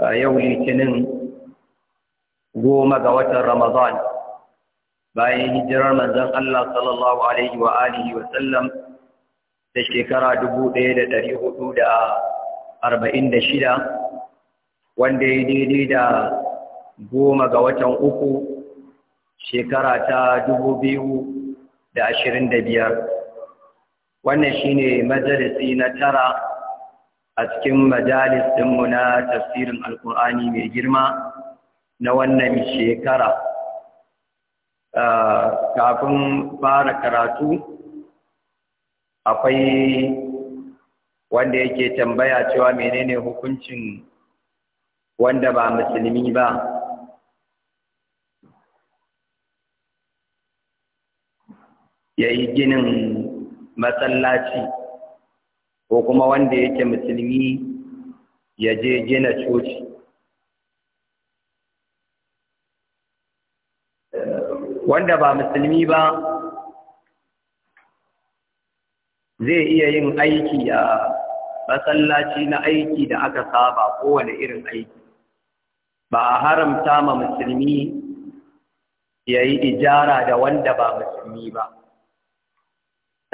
A yau litinin goma ga watan Ramadan bayan hijirar manzon Allah sallallahu alaihi wa alihi wa sallam da shekara shida, wanda ya daidai da goma ga watan uku shekara ta biyar. wannan shine majalisi na tara a cikin majalis ɗinmu na tafsirin alkur'ani mai girma na wannan shekara kafin fara karatu akwai wanda yake tambaya cewa menene hukuncin wanda ba musulmi ba ya yi ginin masallaci. ko kuma wanda yake musulmi ya je gina coci wanda ba musulmi ba zai iya yin aiki a masallaci na aiki da aka saba kowane irin aiki ba a haramta ma musulmi ya yi ijara da wanda ba musulmi ba.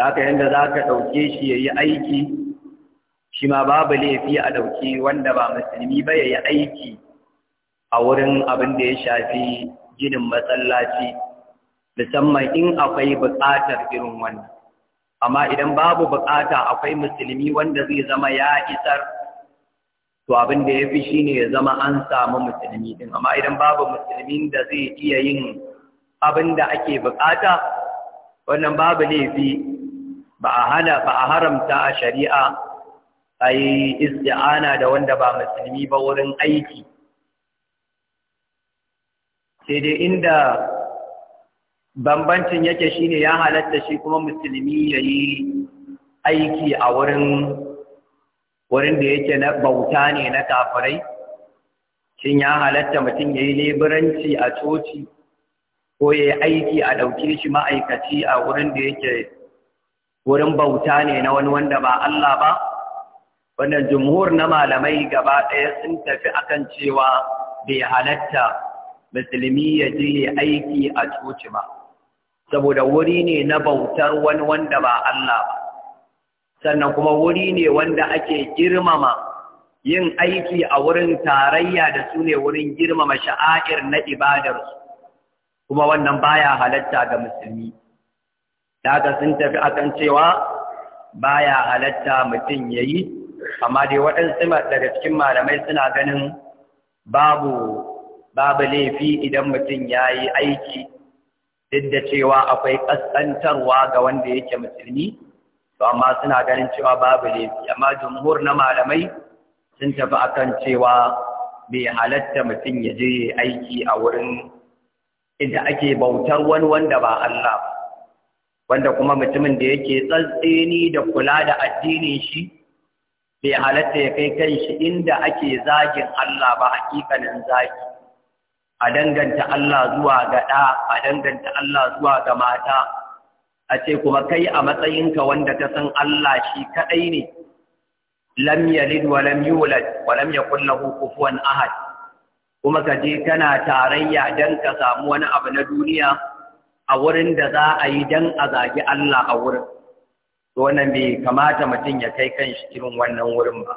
ka yadda za ka ɗauke shi ya yi aiki shi ma babu laifi a ɗauki wanda ba musulmi ba ya yi aiki a wurin abin da ya shafi ginin matsalaci musamman in akwai buƙatar irin wannan amma idan babu buƙata akwai musulmi wanda zai zama ya isar to abin da ya fi shi ne ya zama an samu musulmi ɗin amma idan babu musulmin da zai iya yin abin da ake buƙata wannan babu laifi ba a haramta a shari'a a yi isti'ana da wanda ba musulmi ba wurin aiki sai dai inda bambancin yake shine ya halatta shi kuma musulmi ya yi aiki a wurin wurin da yake na bauta ne na kafirai shin ya halatta mutum ya yi leburanci a coci ko ya yi aiki a ɗauke shi ma'aikaci a wurin da yake wurin bauta ne na wani wanda ba Allah ba wannan jumhur na malamai gaba ɗaya sun tafi akan cewa bai halatta musulmi ya je aiki a coci ba saboda wuri ne na bautar wani wanda ba Allah ba sannan kuma wuri ne wanda ake girmama yin aiki a wurin tarayya da su ne wurin girmama sha'air na ibadarsu kuma wannan baya halatta ga musulmi daga sun tafi akan cewa baya halatta mutum yayi amma dai waɗansu daga cikin malamai suna ganin babu babu laifi idan mutum ya yi aiki duk da cewa akwai ƙasƙantarwa ga wanda yake musulmi to amma suna ganin cewa babu laifi amma jumhur na malamai sun tafi a kan cewa bai halatta mutum ya je aiki a wurin inda ake bautar wani wanda ba Allah wanda kuma mutumin da yake tsantseni da kula da addinin shi bai halatta ya kai kai shi inda ake zagin Allah ba hakikanin zagi a danganta Allah zuwa ga ɗa a danganta Allah zuwa ga mata a ce kuma kai a matsayinka wanda ta san Allah shi kaɗai ne lam yalid wa lam yulad wa lam yakul lahu kufuwan ahad kuma ka je kana tarayya dan ka samu wani abu na duniya a wurin da za a yi dan a zagi Allah a wurin to wannan bai kamata mutum ya kai kan shi irin wannan wurin ba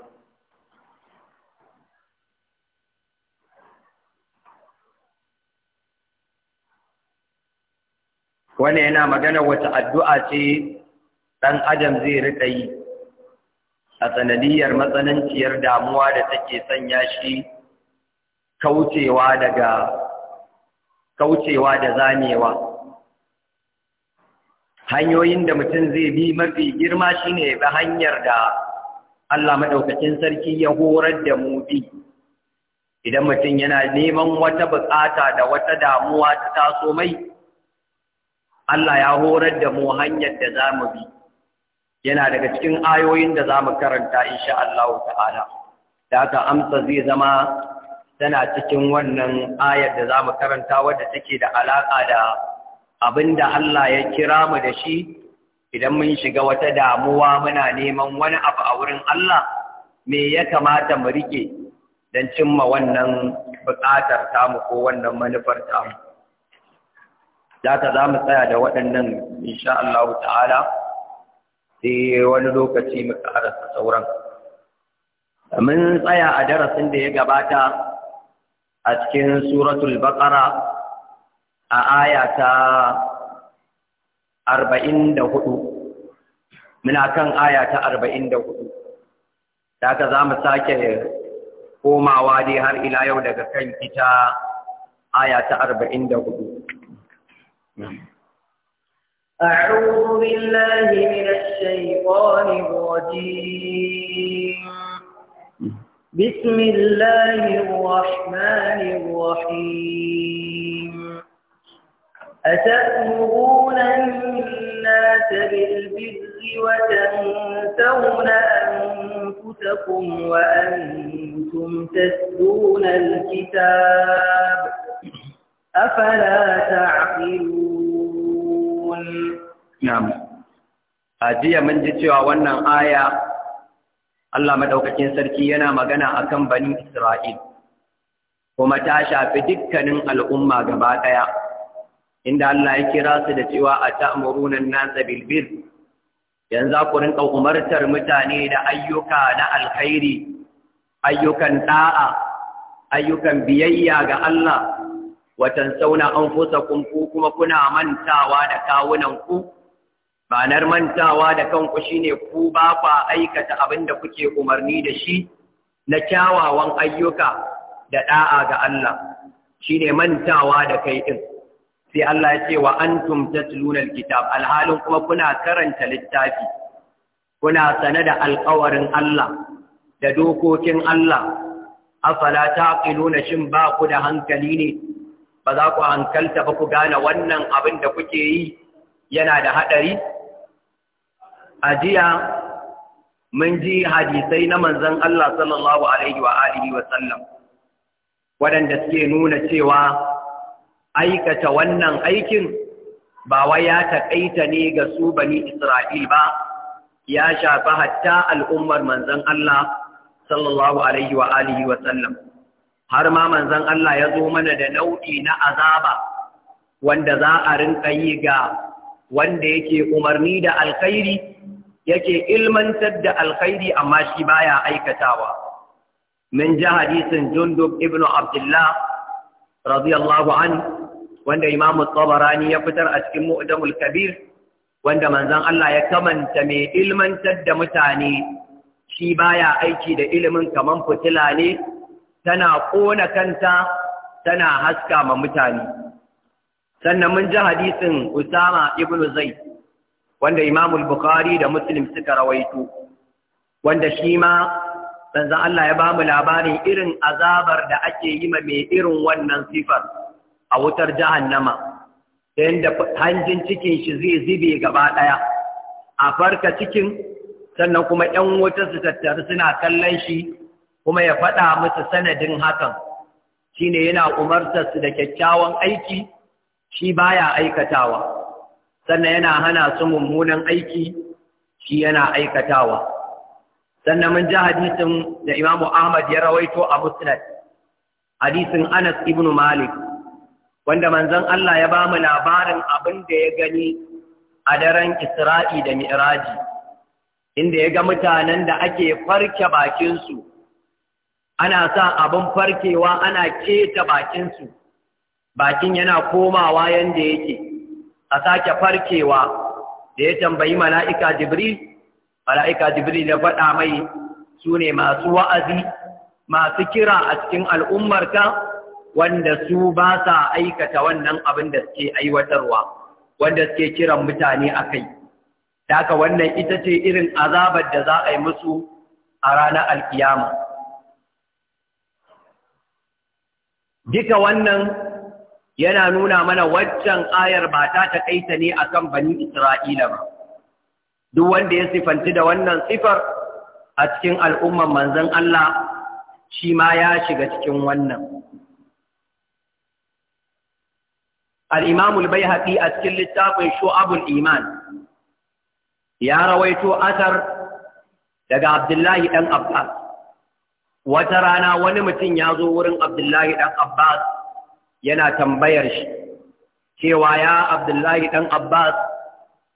wannan yana magana wata addu'a ce ɗan adam zai riƙa yi a sanadiyar matsananciyar damuwa da take sanya shi kaucewa daga kaucewa da zamewa hanyoyin da mutum zai bi mafi girma shine ne bi hanyar da Allah maɗaukacin sarki ya horar da mu bi idan mutum yana neman wata bukata da wata damuwa ta taso mai Allah ya horar da mu hanyar da za mu bi yana daga cikin ayoyin da za mu karanta insha Allah ta'ala da aka amsa zai zama tana cikin wannan ayar da za mu karanta wadda take da alaƙa da Abin da Allah ya kira mu da shi idan mun shiga wata damuwa muna neman wani abu a wurin Allah me ya kamata mu rike don cimma wannan buƙatar tamu ko wannan manufar tamu Da ta za mu tsaya da waɗannan insha Allah ta'ala sai wani lokaci mu ƙarasa sauran mun tsaya a darasin da ya gabata a cikin suratul baqara a aya ta arba'in da hudu muna kan aya ta arba'in da hudu da ka za mu sake komawa dai har ila yau daga kan ita aya ta arba'in da hudu أعوذ بالله من الشيطان الرجيم بسم الله الرحمن الرحيم أتأمرون الناس بالبر وتنسون أنفسكم وأنتم تسلون الكتاب Allah maɗaukakin sarki yana magana akan bani Isra’il, kuma ta shafi dukkanin al’umma gaba ɗaya. inda Allah ya kira su da cewa a ta'amuruna nasa bilbil, yanzu ku rinka umartar mutane da ayyuka na alkhairi ayyukan ɗa'a, ayyukan biyayya ga Allah watan sauna anfusakum ku kuma kuna mantawa da kawunan ku banar mantawa da kanku shine ku ba kwa aikata abin da kuke umarni da shi na kyawawan ayyuka da ɗa'a ga Allah shine mantawa da kai ɗin. sai Allah ya ce wa antum tatluna alkitab alhalin kuma kuna karanta littafi kuna sane da alƙawarin Allah da dokokin Allah afala taqiluna shin ba ku da hankali ne ba za ku hankalta ba ku gane wannan abin da kuke yi yana da hadari ajiya mun ji hadisai na manzon Allah sallallahu alaihi wa alihi wa sallam waɗanda suke nuna cewa aikata wannan aikin ba wai ya taƙaita ne ga su bani Isra'il ba, ya shafi hatta al'ummar manzan Allah sallallahu Alaihi wa alihi Har ma manzan Allah ya zo mana da nau'i na azaba wanda za a rinka yi ga wanda yake umarni da alkhairi yake ilmantar da alkhairi amma shi baya aikatawa. Min ji hadisin Jundub ibn Abdullah radiyallahu an wanda Imam tsabarani ya fitar a cikin Mu'jamul Kabir wanda manzan Allah ya kamanta mai ilmantar da mutane shi baya aiki da ilimin kaman fitila ne tana kona kanta tana haska ma mutane sannan mun ji hadisin Usama ibn Zaid wanda Imam Bukhari da Muslim suka rawaito wanda shi ma manzon Allah ya ba mu labarin irin azabar da ake yi ma mai irin wannan sifar a wutar jahannama ta yadda hanjin cikin shi zai zube gaba ɗaya a farka cikin sannan kuma ‘yan wutar su tattaru suna kallon shi kuma ya faɗa musu sanadin hakan shine yana umarta su da kyakkyawan aiki shi baya aikatawa sannan yana hana su mummunan aiki shi yana aikatawa sannan mun ji hadisin da Imam Ahmad ya rawaito a Musnad hadisin Anas ibn Malik wanda manzon Allah ya ba mu labarin abin da ya gani a daren Isra'i da Mi'raji inda ya ga mutanen da ake farke bakinsu ana sa abin farkewa ana keta bakinsu bakin yana komawa yanda yake a sake farkewa da ya tambayi mala'ika Jibril mala'ika Jibril ya faɗa mai su ne masu wa'azi masu kira a cikin al'ummarka wanda su ba sa aikata wannan abin da suke aiwatarwa wanda suke kiran mutane a kai daga wannan ita ce irin azabar da za a yi musu a ranar alkiyama duka wannan yana nuna mana waccan ayar ba ta taƙaita ne akan bani isra'ila ba duk wanda ya sifanci da wannan sifar a cikin al'umman manzon Allah shi ma ya shiga cikin wannan al-imam al a cikin littafin shu'abul iman ya rawaito asar daga abdullahi dan abbas wata rana wani mutum ya zo wurin abdullahi ɗan abbas yana tambayar shi cewa ya abdullahi ɗan abbas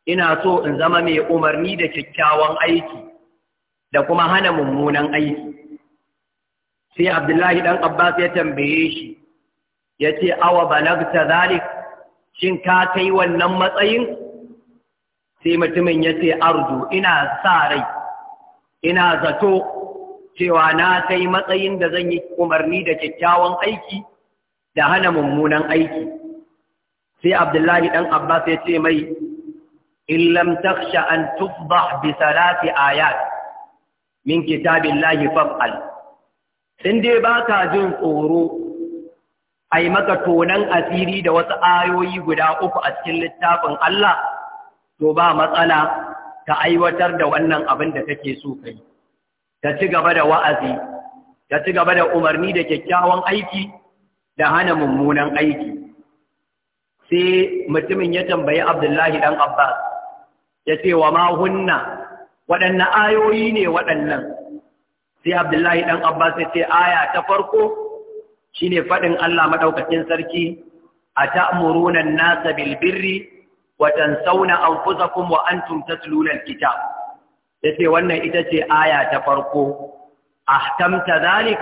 ina so in zama mai umarni da kyakkyawan aiki da kuma hana mummunan aiki sai abdullahi ɗan abbas ya tambaye shi ya ce awa balagta zalik shin ka kai wannan matsayin sai mutumin ya ce arju ina sa rai ina zato cewa na kai matsayin da zan yi umarni da kyakkyawan aiki da hana mummunan aiki sai abdullahi dan abbas ya ce mai in lam takhsha an tufdah bi salati ayat min kitabillahi fa'al in dai baka jin tsoro a maka tonan asiri da wasu ayoyi guda uku a cikin littafin Allah, to ba matsala ka aiwatar da wannan abin da kake so kai, ta ci gaba da wa'azi, ta ci gaba da umarni da kyakkyawan aiki da hana mummunan aiki. Sai mutumin ya tambayi Abdullahi ɗan Abbas, ya ce wa ma hunna waɗanne ayoyi ne waɗannan. Sai Abdullahi ɗan Abbas ya ce aya ta farko, shine faɗin Allah maɗaukacin sarki a ta'amuruna nasa bilbirri wa tansawna anfusakum wa antum tatluna Ya yace wannan ita ce aya ta farko ahtamta zalik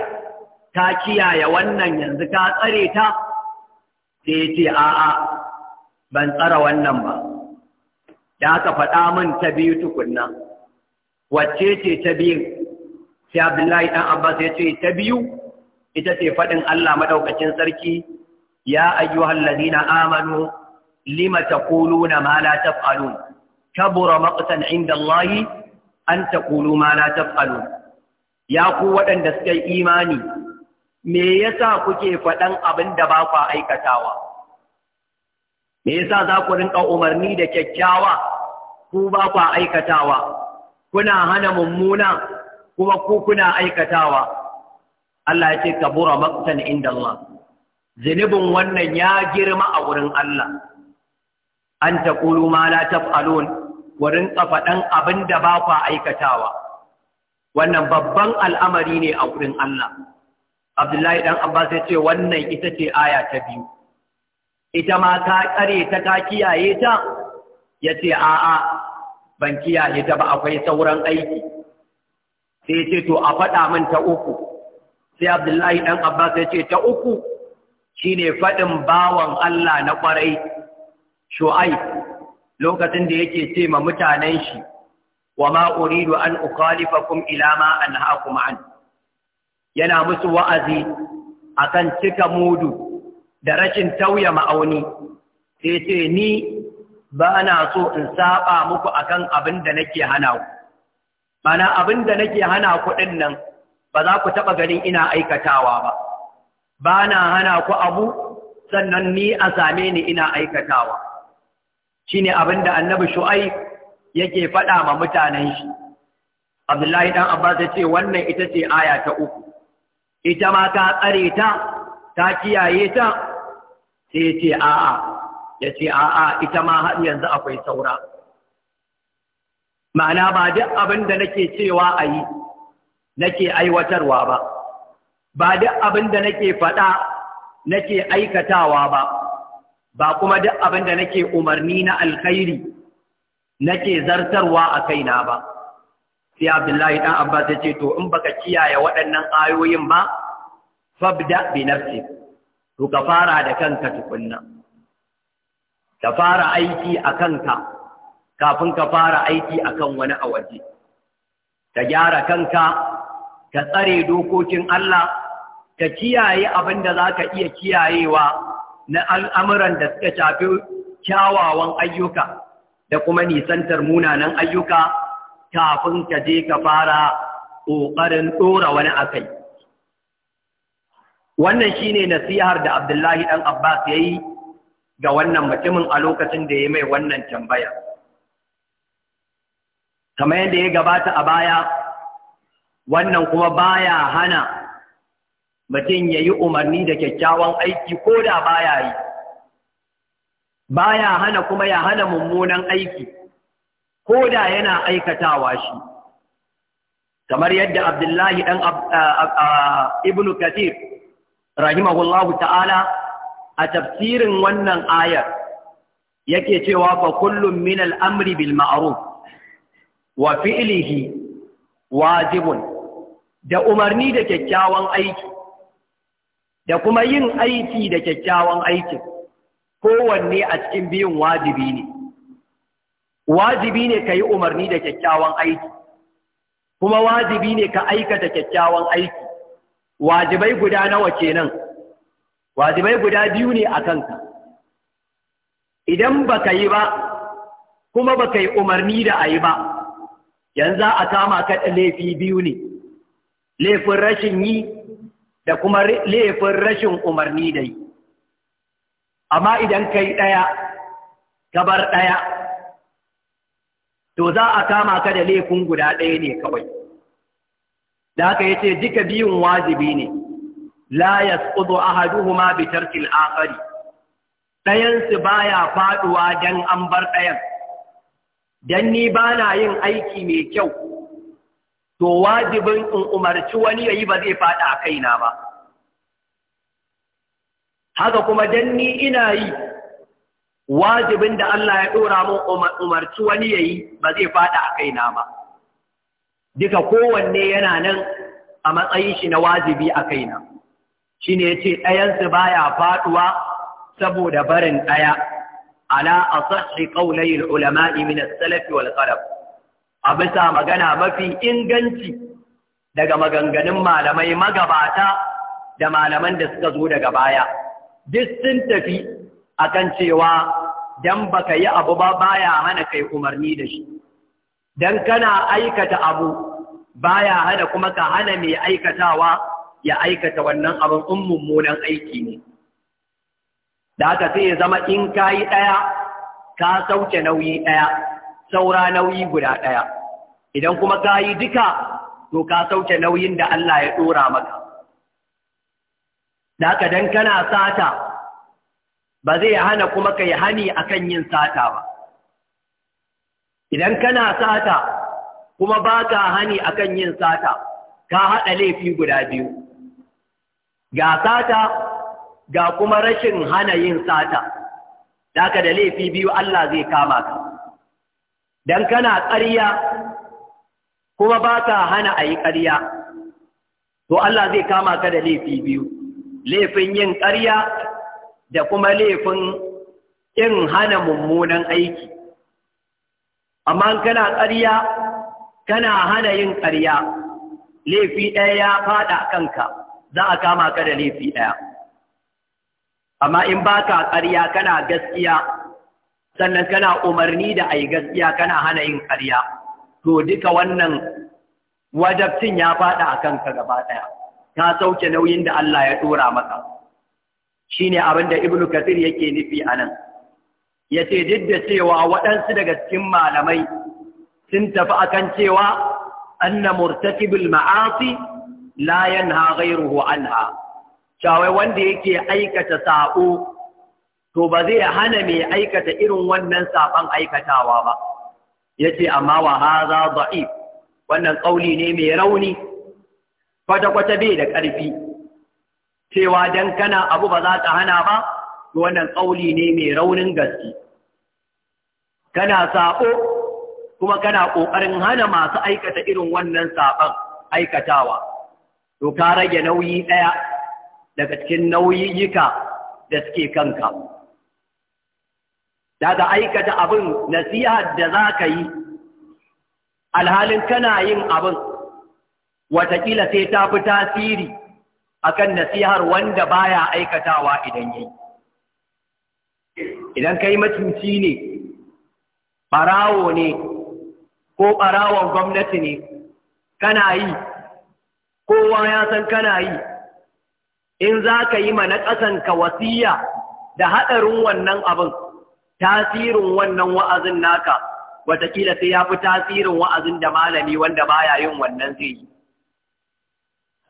ta kiyaye wannan yanzu ka tsare ta sai ce a'a ban tsara wannan ba da aka faɗa min ta biyu tukunna wacce ce ta biyu sai Abdullahi dan Abbas yace ta biyu ita ce faɗin Allah maɗaukacin sarki ya ayyuhal ladina amanu lima na ma la taf'alun kabura maƙasan inda Allah an kulu ma la faru, ya ku waɗanda suka yi imani me ya sa kuke faɗan abin da ba ku aikatawa me ya sa za ku rinƙa umarni da kyakkyawa ku ba ku aikatawa kuna hana mummuna kuma ku kuna aikatawa Allah ya ce kabura maktan inda Allah zunubin wannan ya girma a wurin Allah an Kulu ma la taf'alun wurin kafadan abin da ba ku aikatawa wannan babban al'amari ne a wurin Allah Abdullahi dan Abbas ya ce wannan ita ce aya ta biyu ita ma ka tsare ta ka kiyaye ta yace a'a ban kiyaye ta ba akwai sauran aiki sai ce to a faɗa min ta uku sai abdullahi ɗan abbas ya ce ta uku shine faɗin bawan allah na ƙwarai shu'ai lokacin da yake ce ma mutanen shi wa ma uridu an ukhalifakum ila ma anhaakum an yana musu wa'azi akan cika mudu da rashin tauya ma'auni sai ce ni ba na so in saba muku akan abin da nake hana ku mana abin da nake hana ku din nan ba za ku taɓa ganin ina aikatawa ba ba na hana ku abu sannan ni a same ni ina aikatawa shi ne abin da annabi shu'ai yake faɗa ma mutanen shi abdullahi ɗan abbas ya ce wannan ita ce aya ta uku ita ma ta tsare ta ta kiyaye ta sai ce a'a ya ce a'a ita ma har yanzu akwai saura ma'ana ba duk abin da nake cewa a yi nake aiwatarwa ba ba duk abin da nake faɗa nake aikatawa ba ba kuma duk abin da nake umarni na alkhairi nake zartarwa a kaina ba sai abdullahi dan abbas ya ce to in baka kiyaye waɗannan ayoyin ba fabda bi nafsi to ka fara da kanka tukunna ka fara aiki a kanka kafin ka fara aiki akan wani a waje ka gyara kanka ka tsare dokokin Allah ka kiyaye abin da za ka iya kiyayewa na al'amuran da suka shafi kyawawan ayyuka da kuma nisantar munanan ayyuka kafin ka je ka fara ƙoƙarin ɗora wani akai. Wannan shi ne nasihar da Abdullahi ɗan Abbas ya yi ga wannan mutumin a lokacin da ya mai wannan tambaya. Kamar yadda ya gabata a baya, wannan kuma baya hana mutum ya yi umarni da kyakkyawan aiki ko da baya yi baya hana kuma ya hana mummunan aiki ko da yana aikatawa shi kamar yadda abdullahi ɗan ibn kathir rahimahullahu ta'ala a tafsirin wannan ayar yake cewa fa kullum min al'amri bil ma'ruf wa fi'lihi wajibun da umarni da kyakkyawan aiki da kuma yin aiki da kyakkyawan aiki, kowanne a cikin biyun wajibi ne wajibi ne ka yi umarni da kyakkyawan aiki kuma wajibi ne ka aikata kyakkyawan aiki wajibai guda nawa kenan wajibai guda biyu ne a kanka idan baka yi ba kuma baka yi umarni da a yi ba yanzu a kama ka laifi biyu ne laifin rashin yi da kuma laifin rashin umarni da yi amma idan kai ɗaya ka bar ɗaya to za a kama ka da laifin guda ɗaya ne kawai da yi yace duka biyun wajibi ne la yasqutu ahaduhuma bi tarkil akhari ɗayan su baya faɗuwa dan an bar ɗayan dan ni bana yin aiki mai kyau to wajibin in umarci wani yayi ba zai faɗa a kaina ba haka kuma dan ni ina yi wajibin da Allah ya ɗora mun umarci wani yayi ba zai faɗa a kaina ba duka kowanne yana nan a matsayin shi na wajibi a kaina shi ne ce ɗayansu baya faɗuwa saboda barin ɗaya ala a sashi ƙaunayin ulama'i min salafi wal ƙarab a bisa magana mafi inganci daga maganganun malamai magabata da malaman da suka zo daga baya duk sun tafi a kan cewa dan baka yi abu ba baya hana kai umarni da shi dan kana aikata abu baya hana kuma ka hana mai aikatawa ya aikata wannan abin in mummunan aiki ne da haka sai ya zama in kayi ɗaya ka sauke nauyi ɗaya saura nauyi guda ɗaya idan kuma ka yi duka to ka sauke nauyin da Allah ya ɗora maka da haka dan kana sata ba zai hana kuma ka yi hani akan yin sata ba idan kana sata kuma ba ka hani akan yin sata ka haɗa laifi guda biyu ga sata ga kuma rashin hana yin sata da haka da laifi biyu Allah zai kama ka dan kana ƙarya kuma ba ka hana a yi ƙarya to Allah zai kama ka da laifi biyu laifin yin ƙarya da kuma laifin in hana mummunan aiki amma kana ƙarya kana hana yin ƙarya laifi ɗaya ya faɗa kanka za a kama ka da laifi ɗaya amma in ba ka ƙarya kana gaskiya sannan kana umarni da ayi gaskiya kana hana yin ƙarya to duka wannan wajabcin ya faɗa a kanka gaba ɗaya ka sauke nauyin da Allah ya ɗora maka shine abin da Ibn Kathir yake nufi a nan ce duk da cewa waɗansu daga cikin malamai sun tafi a kan cewa anna murtakibul ma'asi la yanha ghayruhu anha shawai wanda yake aikata sa'o to ba zai hana mai aikata irin wannan saban aikatawa ba yace amma wa hadha za'i, wannan kauli ne mai rauni kwata kwata bai da ƙarfi cewa dan kana abu ba za ta hana ba to wannan kauli ne mai raunin gaske kana sabo kuma kana ƙoƙarin hana masu aikata irin wannan saban aikatawa to ka rage nauyi ɗaya daga cikin nauyiyika da suke kanka daga aikata abin nasihar da za ka yi alhalin kana yin abin watakila sai ta fi tasiri akan nasihar wanda baya aikatawa idan yi idan ka yi macuci ne ɓarawo ne ko ɓarawon gwamnati ne kana yi kowa ya san kana yi in za ka yi ma na ƙasanka wasiya da haɗarin wannan abin tasirin wannan wa'azin naka watakila sai ya fi tasirin wa'azin da malami wanda ba ya yin wannan zai yi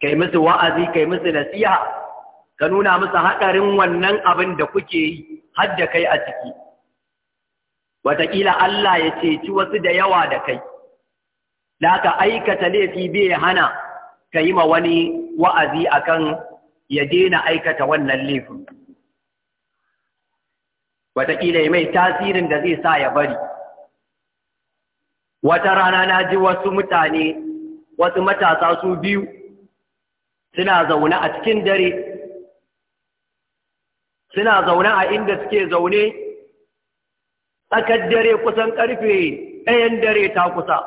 kai musu wa'azi kai musu nasiha ka nuna musu haɗarin wannan abin da kuke yi har da kai a ciki Watakila Allah ya ceci wasu da yawa da kai da ka aikata laifi bai hana ka yi ma wani wa'azi akan ya daina aikata wannan laifin wataƙila ya mai tasirin da zai sa ya bari wata rana na ji wasu mutane wasu matasa su biyu suna zaune a cikin dare suna zaune a inda suke zaune tsakar dare kusan ƙarfe ɗayan dare ta kusa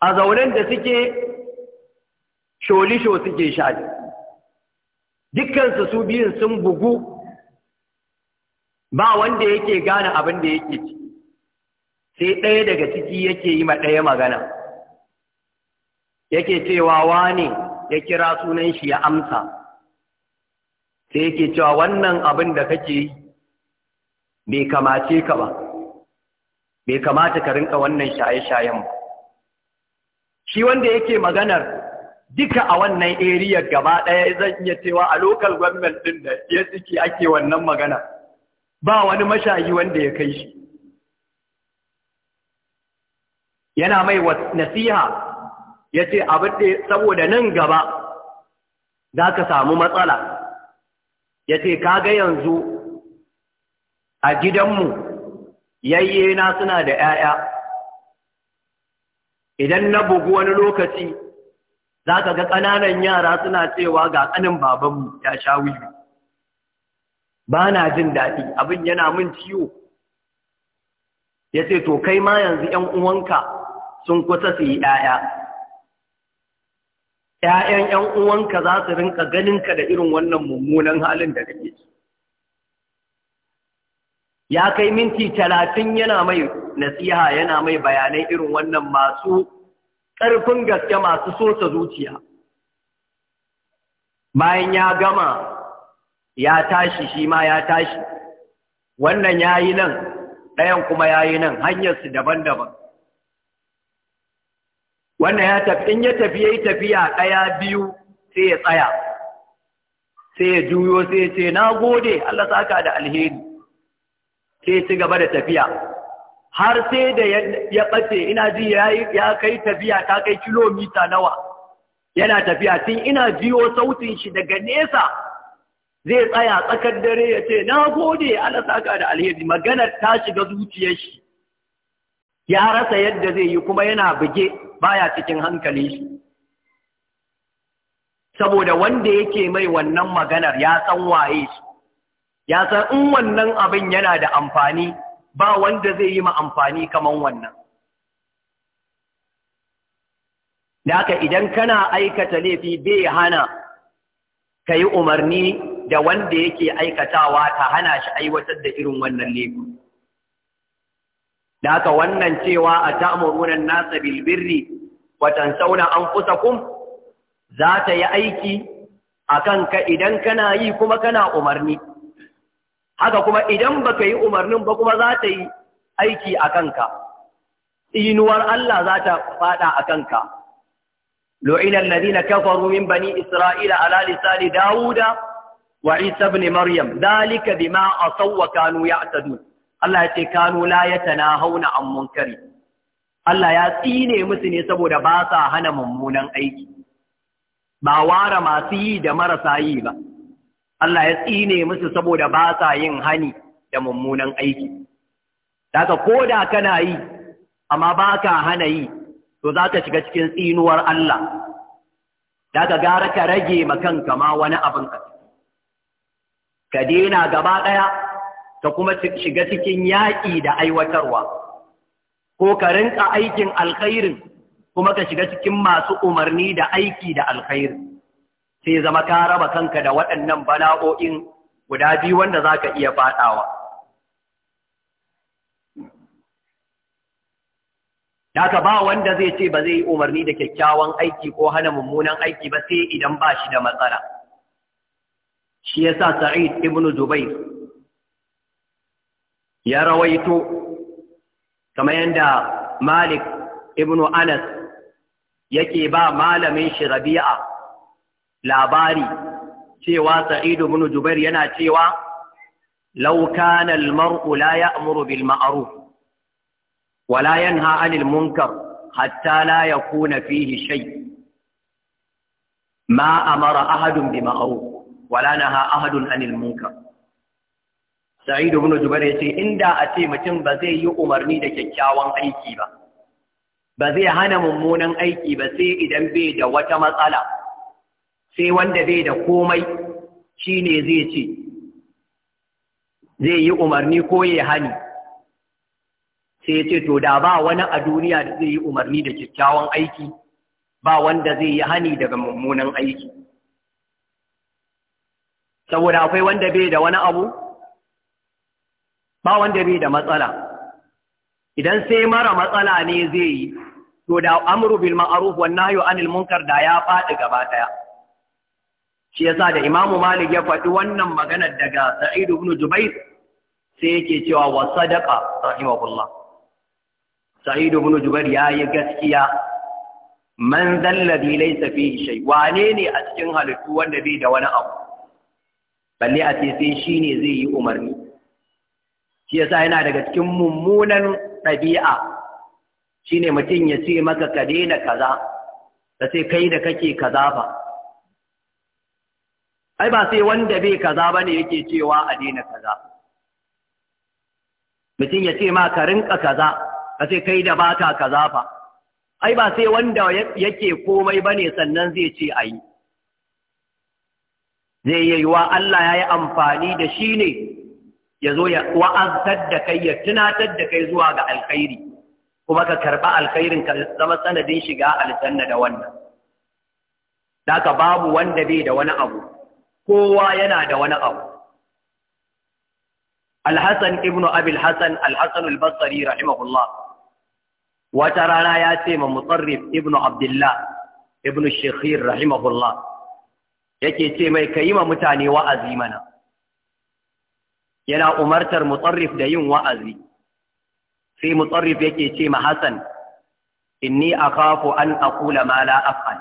a zaunen da suke sholisho suke sha dukkansu su biyun sun bugu ba wanda yake gane abin da yake ci sai ɗaya daga ciki yake yi ma ɗaya magana yake cewa wane ya kira sunan shi ya amsa sai yake cewa wannan abin da kake yi bai kamace ka ba bai kamata ka rinka wannan shaye-shayen ba shi wanda yake maganar duka a wannan eriyar gaba ɗaya zan iya cewa a lokal government ɗin da ya ciki ake wannan maganar. ba wani mashayi wanda ya kai shi yana mai nasiha ya ce abin saboda nan gaba za ka samu matsala ya ce kaga yanzu a gidanmu yayyena suna da ‘ya'ya idan na bugu wani lokaci za ka ga ƙananan yara suna cewa ga ƙanin babanmu ya sha wiwi ba na jin daɗi abin yana min ciwo ya ce to kai ma yanzu ‘yan uwanka sun kusa su yi ‘ya'ya ‘ya'yan ‘yan uwanka za su rinka ka da irin wannan mummunan halin da kake ya kai minti talatin yana mai nasiha yana mai bayanai irin wannan masu ƙarfin gaske masu sosa zuciya bayan ya gama ya tashi shi ma ya tashi wannan ya yi nan ɗayan kuma ya yi nan hanyarsu daban-daban wannan ya tafi in ya tafi ya yi tafiya ɗaya biyu sai ya tsaya sai ya juyo sai ce na gode Allah saka da alheri sai ci gaba da tafiya har sai da ya ɓace ina ji ya kai tafiya ta kai kilomita nawa yana tafiya tun ina jiyo sautin shi daga nesa zai tsaya tsakar dare ya ce na gode Allah saka da alheri maganar ta shiga zuciyar shi ya rasa yadda zai yi kuma yana buge baya cikin hankali shi saboda wanda yake mai wannan maganar ya san waye shi ya san in wannan abin yana da amfani ba wanda zai yi ma amfani kaman wannan da haka idan kana aikata laifi bai hana ka yi umarni da wanda yake aikatawa ta hana shi aiwatar da irin wannan laifin da haka wannan cewa a ta'amuruna nasa watan Sauna an kusa anfusakum za ta yi aiki a kanka idan kana yi kuma kana umarni haka kuma idan baka yi umarnin ba kuma za ta yi aiki a kanka inuwar Allah za ta faɗa a kanka lu'ina alladhina kafaru min bani isra'ila ala lisani Dawuda. wa Isa ibn Maryam dalika bima asaw wa kanu ya'tadun Allah ya ce kanu la hauna an munkari Allah ya tsine musu ne saboda ba sa hana mummunan aiki ba ware masu yi da marasa yi ba Allah ya tsine musu saboda ba sa yin hani da mummunan aiki daga koda kana yi amma ba ka hana yi to za ka shiga cikin tsinuwar Allah daga gara ka rage makanka kama wani abin a ka daina gaba ɗaya ka kuma shiga cikin yaƙi da aiwatarwa ko ka rinka aikin alkhairin kuma ka shiga cikin masu umarni da aiki da alkhairi, sai zama ka raba kanka da waɗannan bala'o'in guda biyu wanda za ka iya faɗawa Daka ba wanda zai ce ba zai yi umarni da kyakkyawan aiki ko hana mummunan aiki ba sai idan ba shi da matsala. shi yasa Sa'id ibn zubair ya rawaito kamar yadda Malik ibn Anas yake ba malamin shi Rabi'a labari cewa Sa'id ibn zubair yana cewa law maru la ya'muru bil ma'ruf wa la yanha 'anil munkar hatta la kuna fihi shai ma amara ahadun bi ma'ruf wala naha ahadun anil munkar sa'idu ibn jubair yace inda a ce mutum ba zai yi umarni da kyakkyawan aiki ba ba zai hana mummunan aiki ba sai idan bai da wata matsala sai wanda bai da komai shine zai ce zai yi umarni ko ya hani sai ce to da ba wani a duniya da zai yi umarni da kyakkyawan aiki ba wanda zai yi hani daga mummunan aiki saboda akwai wanda bai da wani abu ba wanda bai da matsala idan sai mara matsala ne zai yi to da amru bil ma'ruf wan nahyu anil munkar da ya faɗi gaba ɗaya shi yasa da imamu malik ya faɗi wannan maganar daga sa'id ibn jubair sai yake cewa wa sadaqa rahimahullah sa'id ibn jubair yayi gaskiya man zalladhi laysa fihi shay wane ne a cikin halittu wanda bai da wani abu balle a ce sai shi ne zai yi umarni shi yasa yana daga cikin mummunan ɗabi'a ne mutum ya ce maka ka daina kaza da sai kai da kake kaza ba ai ba sai wanda bai kaza ba ne yake cewa a daina kaza mutum ya ce ma ka rinka kaza ka sai kai da ka kaza ba ai ba sai wanda yake komai ba ne sannan zai ce a yi zai yi wa Allah ya yi amfani da shi ne ya zo ya wa'azar da kai ya tunatar da kai zuwa ga alkhairi kuma ka karɓa alkhairin ka zama sanadin shiga aljanna da wannan ka babu wanda bai da wani abu kowa yana da wani abu alhassan ibn abil hassan alhassan albasari rahimahullah wata rana ya ce ma mutsarrif ibn abdullah ibn shekhir rahimahullah yake ce mai ka yi ma mutane wa'azi mana yana umartar mutsarrif da yin wa'azi sai mutsarrif yake ce ma Hassan inni akhafu an aqula ma la af'al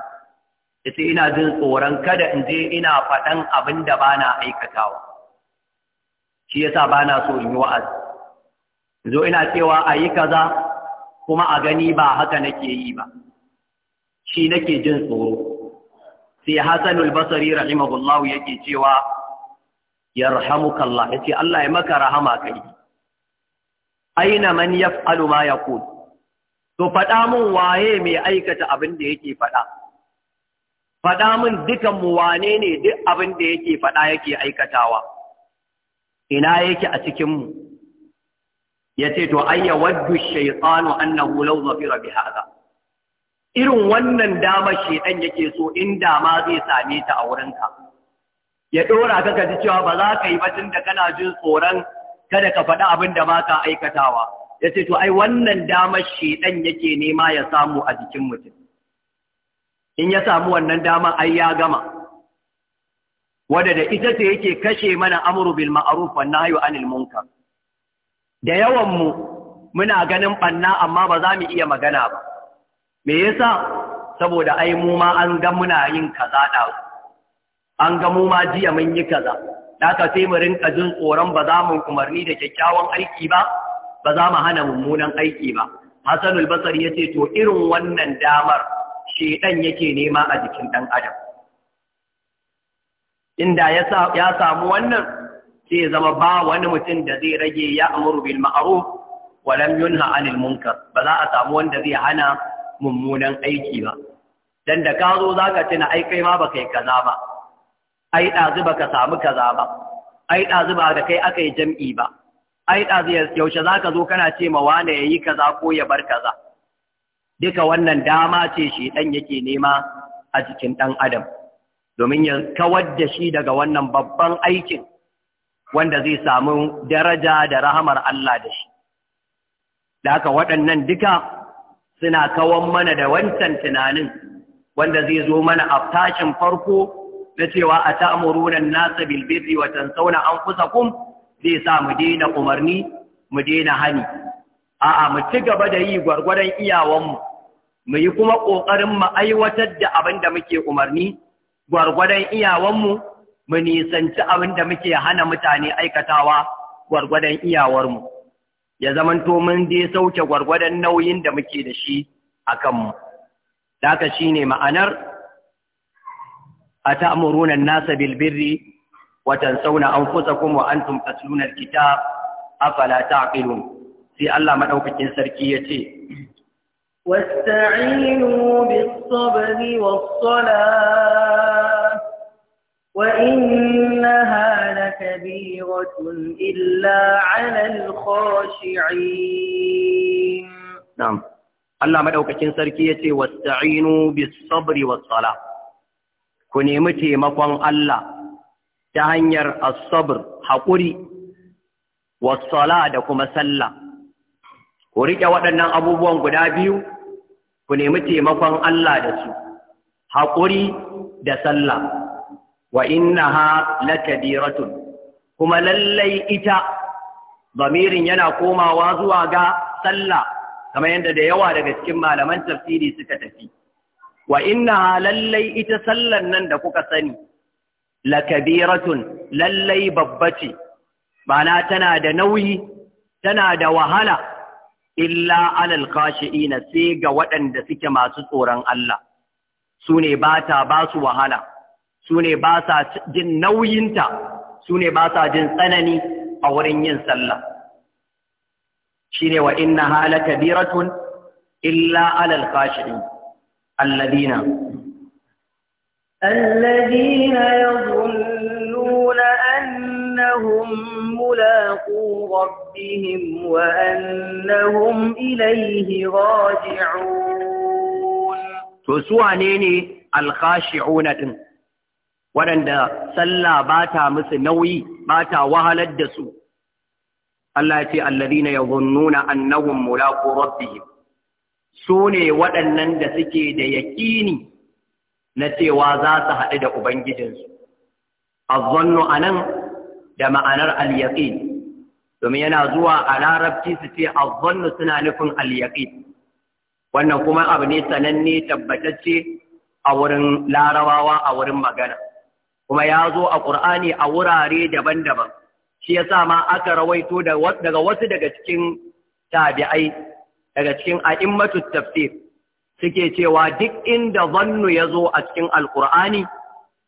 yace ina jin tsoron kada in je ina faɗan abin da bana aikatawa shi yasa bana so in yi wa'azi zo ina cewa ayi kaza kuma a gani ba haka nake yi ba shi nake jin tsoro sai Hassan al-Basri rahimahullahu yake cewa yarhamukallah yace Allah ya maka rahama kai aina man yaf'alu ma yaqul to faɗa mun waye mai aikata abin da yake faɗa faɗa mun dukan mu wane ne duk abin da yake faɗa yake aikatawa ina yake a cikin mu yace to ayya waddu shaytanu annahu law zafira bi hadha irin wannan dama shedan yake so in dama zai same ta a wurinka ya dora ka ji cewa ba za ka yi ba tunda kana jin tsoron kada ka faɗi abin da ba ka aikatawa ya ce to ai wannan damar shedan yake nema ya samu a jikin mutum in ya samu wannan damar ai ya gama wadda da ita ce yake kashe mana amru bil ma'ruf wa nahyu anil munkar da yawan mu muna ganin banna amma ba za mu iya magana ba me yasa saboda ai mu ma an ga muna yin kaza da an ga mu ma jiya mun yi kaza Da ka sai mu rinka jin tsoron ba za mu umarni da kyakkyawan aiki ba ba za mu hana mummunan aiki ba hasanul ya yace to irin wannan damar shedan yake nema a jikin dan adam inda ya samu wannan sai zama ba wani mutum da zai rage ya amuru bil ma'ruf wa lam yunha anil munkar ba za a samu wanda zai hana mummunan aiki ba dan da ka zo zaka tuna ai ma baka yi kaza ba ai dazu baka samu kaza ba ai dazu ba da kai aka yi jam'i ba ai dazu yaushe za ka zo kana ce ma wane yayi kaza ko ya bar kaza duka wannan dama ce shi ɗan yake nema a jikin ɗan adam domin ya kawar da shi daga wannan babban aikin wanda zai samu daraja da rahamar Allah da shi da haka waɗannan duka suna kawon mana da wancan tunanin wanda zai zo mana a tashin farko na cewa a runan nasa bil sauna an kusa kun zai sa mu daina umarni mu daina hani a'a mu ci gaba da yi gwargwaron iyawanmu mu yi kuma ƙoƙarin mu aiwatar da abin da muke umarni gwargwaron iyawanmu mu nisanci abin da muke hana mutane aikatawa gwargwaron iyawarmu ya zamanto mun dai sauke gwargwadon nauyin da muke da shi a kanmu. Daka shi ne ma'anar a ta'amurunan nasa bilbirri watan sauna an kusa kuma an tumfasunar kita a falata sai Allah maɗaukakin sarki ya ce, Wasta'inu bis sabari was وإنها لكبيرة إلا على الخاشعين نعم Allah madaukakin sarki yace wasta'inu bis sabri was sala ku nemi taimakon Allah ta hanyar as-sabr hakuri was sala da kuma sallah ku riƙe waɗannan abubuwan guda biyu ku nemi taimakon Allah da su haƙuri da sallah wa innaha lakabiratun kuma lallai ita bamirin yana komawa zuwa ga sallah kamar yadda da yawa daga cikin malaman tafsiri suka tafi wa innaha lallai ita sallan nan da kuka sani lakabiratun lallai babba ce bana tana da nauyi tana da wahala illa alal khashi'ina sai ga waɗanda suke masu tsoron Allah su ne ba ta ba su wahala su ne jin nauyinta su basa jin tsanani a wurin yin sallah shi ne wa inna hala kabiratun illa alal fashiri alladina alladina ya zunnuna annahum mulaku rabbihim wa annahum ilaihi raji'un to su ne ne alkhashi'una din waɗanda sallah ba ta musu nauyi ba ta wahalar da su Allah ce alladhina yadhunnuna annahum mulaqu rabbihim su ne waɗannan da suke da yaƙini na cewa za su haɗu da ubangijinsu azzannu anan da ma'anar al-yaqin domin yana zuwa a larabci su ce azzannu suna nufin al-yaqin wannan kuma abu ne sananne tabbatacce a wurin larabawa a wurin magana kuma ya zo a ƙur'ani a wurare daban-daban shi ya sa ma aka rawaito daga wasu daga cikin tabi'ai daga cikin a'immatu tafsir suke cewa duk inda zannu ya zo a cikin alkur'ani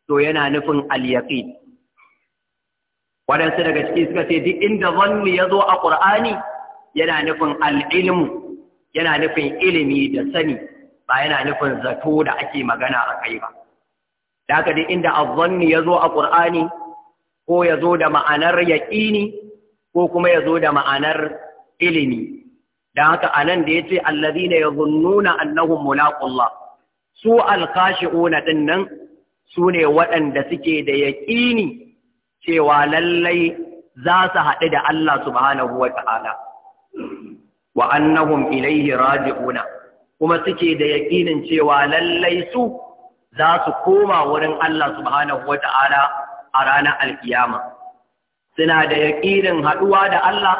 to yana nufin al-yaqin waɗansu daga ciki suka ce duk inda zannu ya zo a ƙur'ani yana nufin al-ilmu yana nufin ilimi da sani ba yana nufin zato da ake magana a kai ba da haka dai inda azzanni ya zo a ƙur'ani ko ya zo da ma'anar yaƙini ko kuma ya zo da ma'anar ilimi da haka a nan da ya ce ne ya zunnuna annahum mulaqullah su alkashi'una din nan su ne waɗanda suke da yaƙini cewa lallai za su haɗu da Allah subhanahu wa ta'ala wa annahum ilaihi raji'una kuma suke da yaƙinin cewa lallai su za su koma wurin Allah subhanahu wa ta'ala a ranar alkiyama. Suna da yaƙinin haɗuwa da Allah,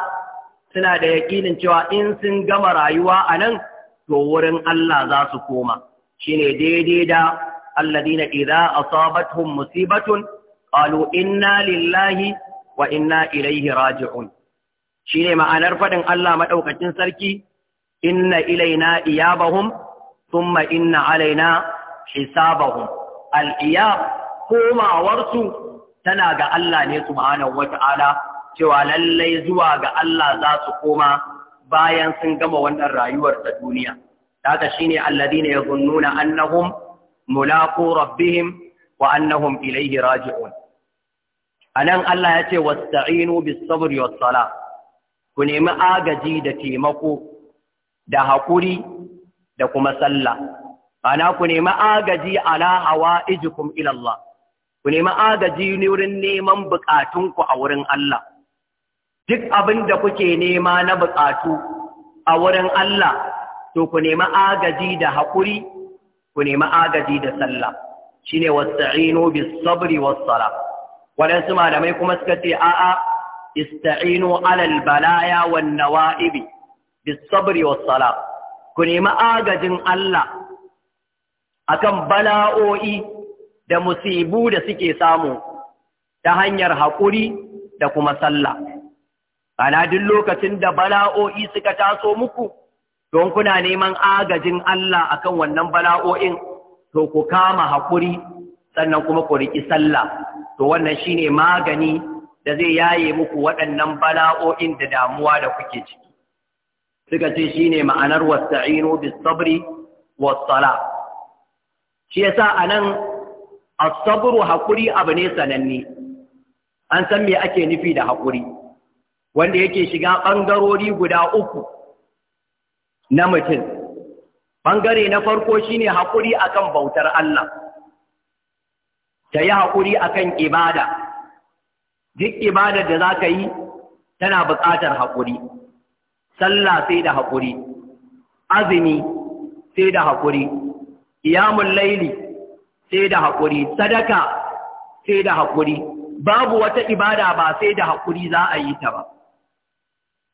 suna da yaƙinin cewa in sun gama rayuwa a nan, to wurin Allah za su koma. Shi ne daidai da alladina idza asabatuhum musibatun qalu inna lillahi wa inna ilaihi raji'un. Shi ne ma'anar faɗin Allah maɗaukacin sarki, inna ilaina iyabahum, thumma inna alaina hisabahum al-iyab komawarsu tana ga Allah ne subhanahu wata'ala cewa lallai zuwa ga Allah za su koma bayan sun gama wannan rayuwar ta duniya haka shine alladhina yadhunnuna annahum mulaqu rabbihim wa annahum ilayhi raji'un anan Allah yace wasta'inu bis-sabri was-salah ku nemi agaji da taimako da hakuri da kuma sallah ana ku nemi agaji ala hawa ijikum ilallah ku nemi agaji ni wurin neman bukatun ku a wurin Allah duk abin da kuke nema na bukatu a wurin Allah to ku nemi agaji da hakuri ku nemi agaji da sallah shine wasta'inu bis sabri was sala su malamai kuma suka ce a'a ista'inu alal balaya wan nawa'ibi bis sabri was sala ku nemi agajin Allah akan bala'o'i da musibu da suke samu ta hanyar haƙuri da kuma sallah. kana duk lokacin da bala'o'i suka taso muku, don kuna neman agajin Allah akan wannan bala'o'in, to ku kama haƙuri sannan kuma ku riƙi sallah, to wannan shine magani da zai yaye muku waɗannan bala'o'in da damuwa da kuke ciki. Suka ce shine ma'anar wasta'inu bis sabri was Salah. shi yasa anan a saburu haƙuri abu ne sananne an san me ake nufi da haƙuri. wanda yake shiga ɓangarori guda uku na mutum ɓangare na farko shine haƙuri akan bautar Allah ta yi haƙuri akan ibada duk ibada da za ka yi tana buƙatar haƙuri, sallah sai da haƙuri, azumi sai da haƙuri. Iyamun laili sai da haƙuri, sadaka sai da haƙuri, babu wata ibada ba sai da haƙuri za a yi ta ba.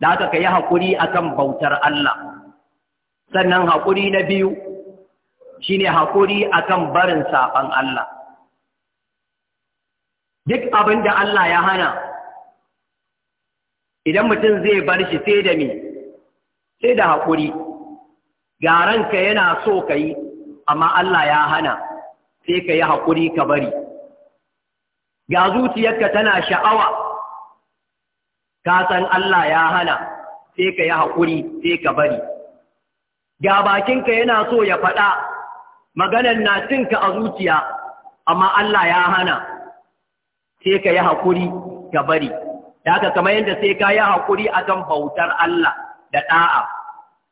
Da aka ka yi haƙuri a kan bautar Allah. Sannan haƙuri na biyu shi ne haƙuri a kan barin saɓan Allah. Duk abin da Allah ya hana, idan mutum zai bar shi sai da me, sai da haƙuri, ga ranka yana so ka yi, amma Allah ya hana sai ka yi haƙuri ka bari ga zuciyarka tana sha'awa ka san Allah ya hana sai ka yi haƙuri sai ka bari ga bakinka yana so ya faɗa maganar na cinka a zuciya amma Allah ya hana sai ka yi haƙuri ka bari da haka kamar yadda sai ka yi haƙuri akan bautar Allah da ɗa'a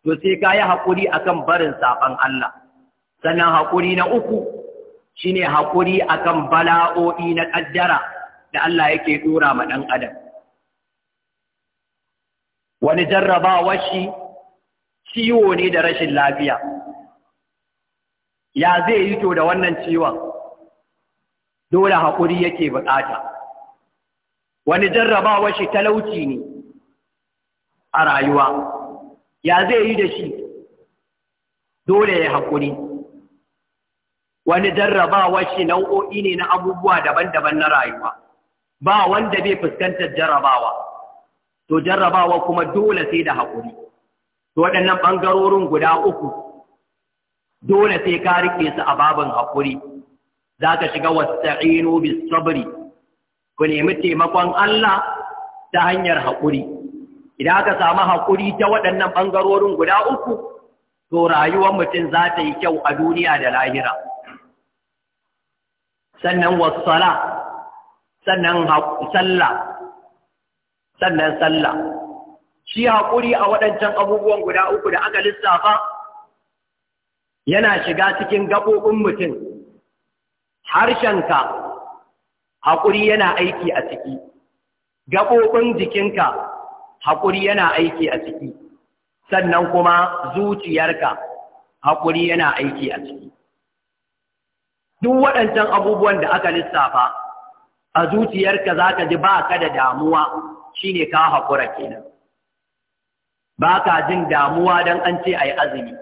to sai ka yi haƙuri akan barin saɓan Allah sannan haƙuri na uku shine haƙuri akan bala'o'i na ƙaddara da Allah yake ɗora ma ɗan adam wani jarrabawa shi ciwo ne da rashin lafiya ya zai yi to da wannan ciwon dole haƙuri yake buƙata wani jarrabawar shi talauci ne a rayuwa ya zai yi da shi dole ya haƙuri wani jarrabawa shi nau'o'i ne na abubuwa daban-daban na rayuwa ba wanda bai fuskantar jarrabawa to jarrabawa kuma dole sai da haƙuri to waɗannan ɓangarorin guda uku dole sai ka riƙe su a babin haƙuri za ka shiga wasta'inu bis sabri ku nemi taimakon Allah ta hanyar haƙuri idan ka samu haƙuri ta waɗannan ɓangarorin guda uku to rayuwar mutum za ta yi kyau a duniya da lahira sannan wasala sannan sallah sannan sallah shi haƙuri a waɗancan abubuwan guda uku da aka lissafa yana shiga cikin gaɓoɓin mutum harshenka haƙuri yana aiki a ciki gaɓoɓin jikinka haƙuri yana aiki a ciki sannan kuma zuciyarka haƙuri yana aiki a ciki duk waɗancan abubuwan da aka lissafa a zuciyarka za ka ji ba ka da damuwa shi ne ka haƙura kenan ba ka jin damuwa don an ce a yi azumi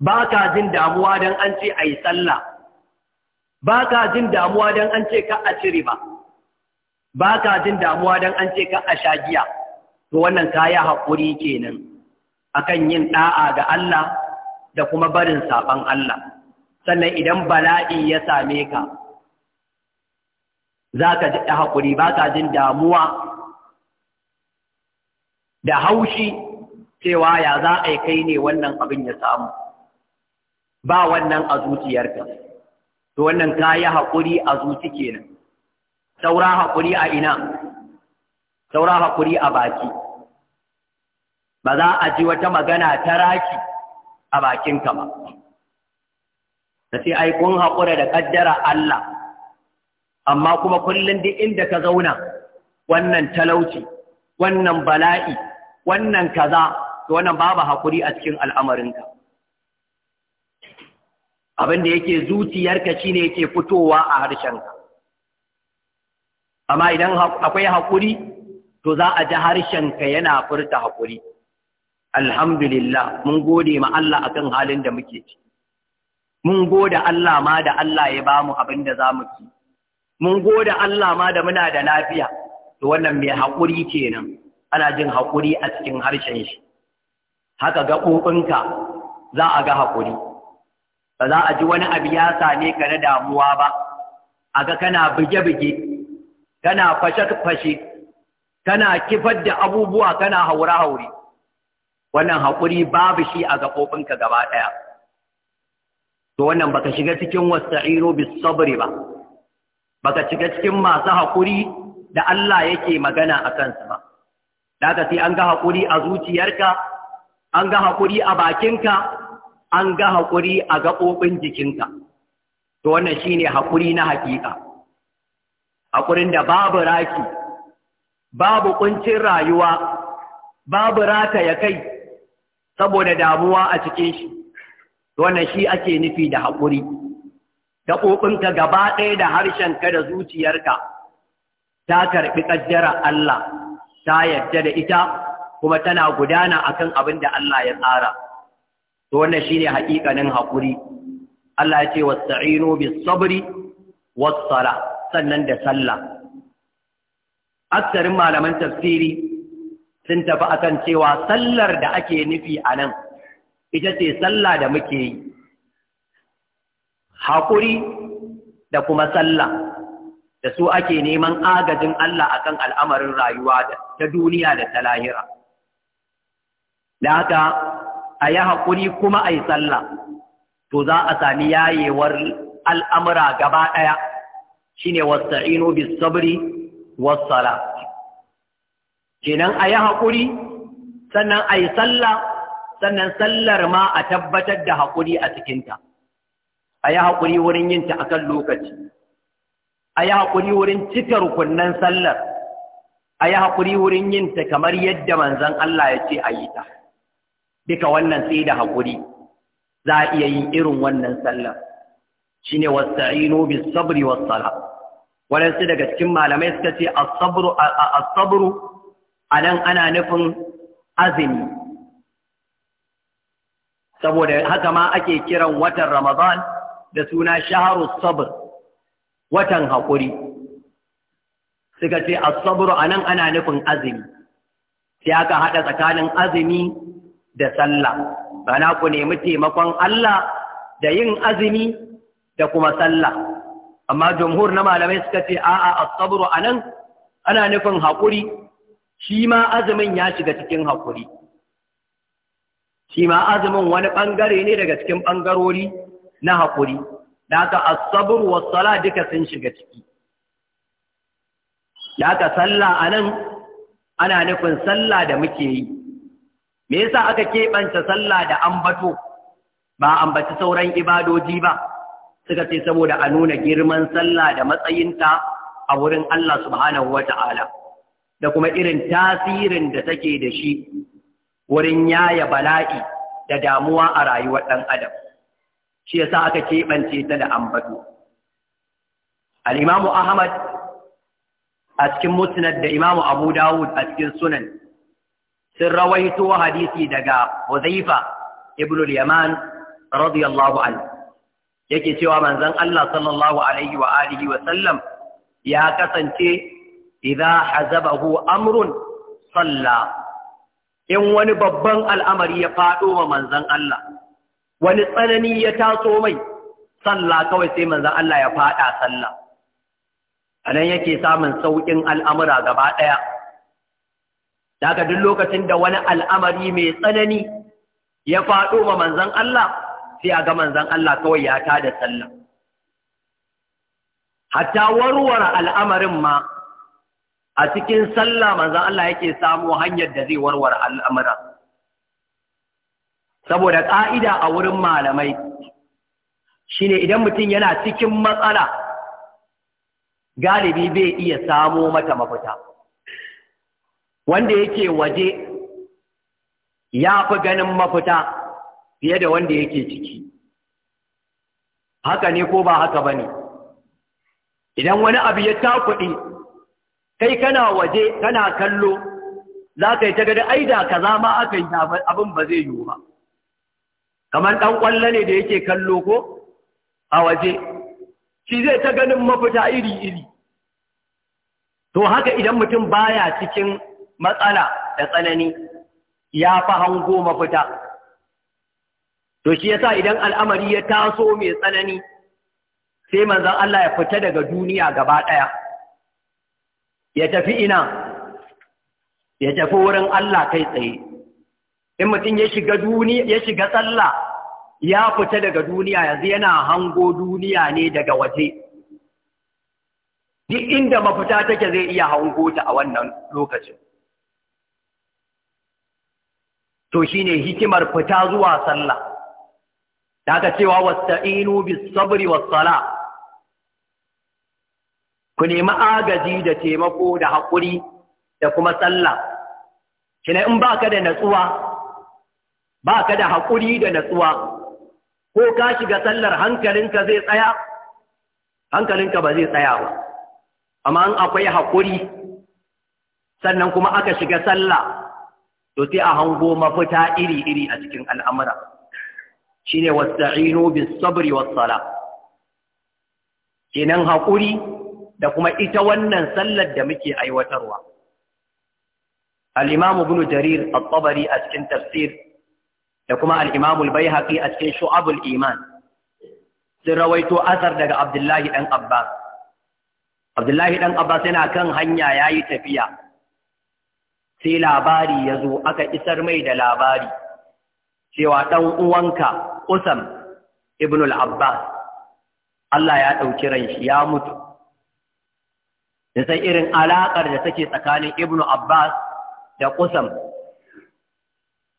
ba ka jin damuwa don an ce a yi sallah ba ka jin damuwa don an ce ka a cire ba ba ka jin damuwa don an ce ka a sha giya to wannan ka yi haƙuri kenan akan yin ɗa'a ga Allah da kuma barin saɓan Allah sannan idan bala'i ya same ka za ka ji haƙuri ba ka jin damuwa da haushi cewa ya za a yi kai ne wannan abin ya samu ba wannan a zuciyarka to wannan ka yi haƙuri a zuci kenan saura haƙuri a ina saura haƙuri a baki ba za a ji wata magana ta raki a bakinka ba ta ce ai kun haƙura da ƙaddara Allah amma kuma kullum duk inda ka zauna wannan talauci wannan bala'i wannan kaza to wannan babu haƙuri a cikin al'amarinka abin da yake zuciyarka shine yake fitowa a harshenka amma idan akwai haƙuri to za a ji harshenka yana furta haƙuri alhamdulillah mun gode ma Allah akan halin da muke ci mun goda Allah ma da Allah ya bamu abin da za mu ci mun goda Allah ma da muna da lafiya to wannan mai haƙuri kenan ana jin haƙuri a cikin harshen shi haka ga gaɓoɓinka za a ga haƙuri ba za a ji wani abu ya same ka na damuwa ba a ga kana buge-buge kana fashe-fashe kana kifar da abubuwa kana haure-haure wannan haƙuri babu shi a gaɓoɓinka gaba ɗaya to wannan baka shiga cikin wasta'iru bis sabri ba baka shiga cikin masu hakuri da Allah yake magana a kansu ba ka sai an ga hakuri a zuciyarka an ga hakuri a bakinka an ga hakuri a gaɓoɓin jikinka to wannan shine hakuri na hakika hakurin da babu raki babu kuncin rayuwa babu rata ya kai saboda damuwa a cikin shi wannan shi ake nufi da haƙuri gaɓoɓinka gaba ɗaya da harshenka da zuciyarka ta karɓi ƙaddara Allah ta yadda da ita kuma tana gudana akan abin da Allah ya tsara to wannan shine haƙiƙanin haƙuri Allah ya ce wasta'inu bis sabri was sala sannan da sallah aksarin malaman tafsiri sun tafi akan cewa sallar da ake nufi a nan ita ce sallah da muke yi haƙuri da kuma sallah da su ake neman agajin Allah akan al'amarin rayuwa ta duniya da ta lahira. Da haka a yi haƙuri kuma a yi sallah, to za a sami yayewar al'amura gaba ɗaya shine ne wasa'ino bis sabri wasala. Kenan a yi haƙuri, sannan a yi sallah sannan sallar ma a tabbatar da haƙuri a cikinta a yi haƙuri wurin yinta a kan lokaci a yi haƙuri wurin cika rukunnan sallar a yi haƙuri wurin yinta kamar yadda manzon Allah ya ce a yi ta duka wannan sai da haƙuri za a iya yin irin wannan sallar shine wasta'inu bis sabri was sala daga cikin malamai suka ce as-sabru a nan ana nufin azumi saboda haka ma ake kiran watan Ramadan da suna shaharu sabr watan haƙuri suka ce as-sabr anan ana nufin azumi sai aka haɗa tsakanin azumi da sallah bana ku nemi taimakon Allah da yin azumi da kuma sallah amma jumhur na malamai suka ce a'a as-sabr anan ana nufin hakuri, shi ma azumin ya shiga cikin hakuri. shi ma azumin wani ɓangare ne daga cikin ɓangarori na haƙuri da aka asabar wasala duka sun shiga ciki da aka sallah a nan ana nufin sallah da muke yi me yasa aka keɓanta sallah da ambato ba ambaci sauran ibadoji ba suka ce saboda a nuna girman sallah da matsayinta a wurin Allah subhanahu wa ta'ala da kuma irin tasirin da take da shi wurin yaya bala'i da damuwa a rayuwar ɗan adam shi yasa aka keɓance ta da ambato Alimamu ahmad a cikin musnad da imamu abu dawud a cikin sunan sun rawaito hadisi daga huzaifa ibn al-yaman radiyallahu anhu yake cewa manzon Allah sallallahu alaihi wa alihi wa sallam ya kasance idza hazabahu amrun salla in wani babban al'amari ya faɗo wa manzan Allah, wani tsanani ya taso mai, sallah kawai sai manzan Allah ya faɗa sallah. A nan yake samun sauƙin al'amura gaba ɗaya. Daga duk lokacin da wani al'amari mai tsanani ya faɗo wa manzan Allah, sai a ga manzan Allah kawai ya tada sallah. Hatta warware al'amarin ma a cikin sallah manzan Allah yake samu hanyar da zai warware al'amura. Saboda ƙa'ida a wurin malamai shine idan mutum yana cikin matsala galibi bai iya samo mata mafita. Wanda yake waje ya fi ganin mafita fiye da wanda yake ciki. Haka ne ko ba haka ba ne. Idan wani abu ya takuɗi kai kana waje kana kallo za ka yi ta gada ai da kaza ma aka yi abin ba zai yiwu ba kamar ɗan ƙwallo ne da yake kallo ko a waje shi zai ta ganin mafita iri-iri to haka idan mutum baya cikin matsala da tsanani ya fi hango mafita to shi yasa idan al'amari ya taso mai tsanani sai manzon Allah ya fita daga duniya gaba ɗaya ya tafi ina ya tafi wurin Allah kai tsaye in mutum ya shiga duniya ya shiga sallah ya fita daga duniya yanzu yana hango duniya ne daga waje duk inda mafita take zai iya hango ta a wannan lokacin to shine hikimar fita zuwa sallah daga cewa wasta'inu bis sabri was ku nemi agaji da taimako da haƙuri da kuma sallah kina in baka da natsuwa baka da haƙuri da natsuwa ko ka shiga sallar hankalinka zai tsaya hankalinka ba zai tsaya ba amma in akwai haƙuri sannan kuma aka shiga sallah to sai a hango mafita iri-iri a cikin al'amura shi shine wasta'inu bis sabri was sala kenan haƙuri da kuma ita wannan sallar da muke aiwatarwa Alimamu imamu jarir a tsabari a cikin tafsir da kuma Alimamu bai haƙi a cikin shu'abul iman sun rawaito asar daga abdullahi Ɗan abbas abdullahi Ɗan abbas yana kan hanya yayi tafiya sai labari ya zo aka isar mai da labari cewa ɗan uwanka usam Ibnul abbas Allah ya ɗauki ranshi ya mutu da san irin alaƙar da take tsakanin ibnu abbas da kusam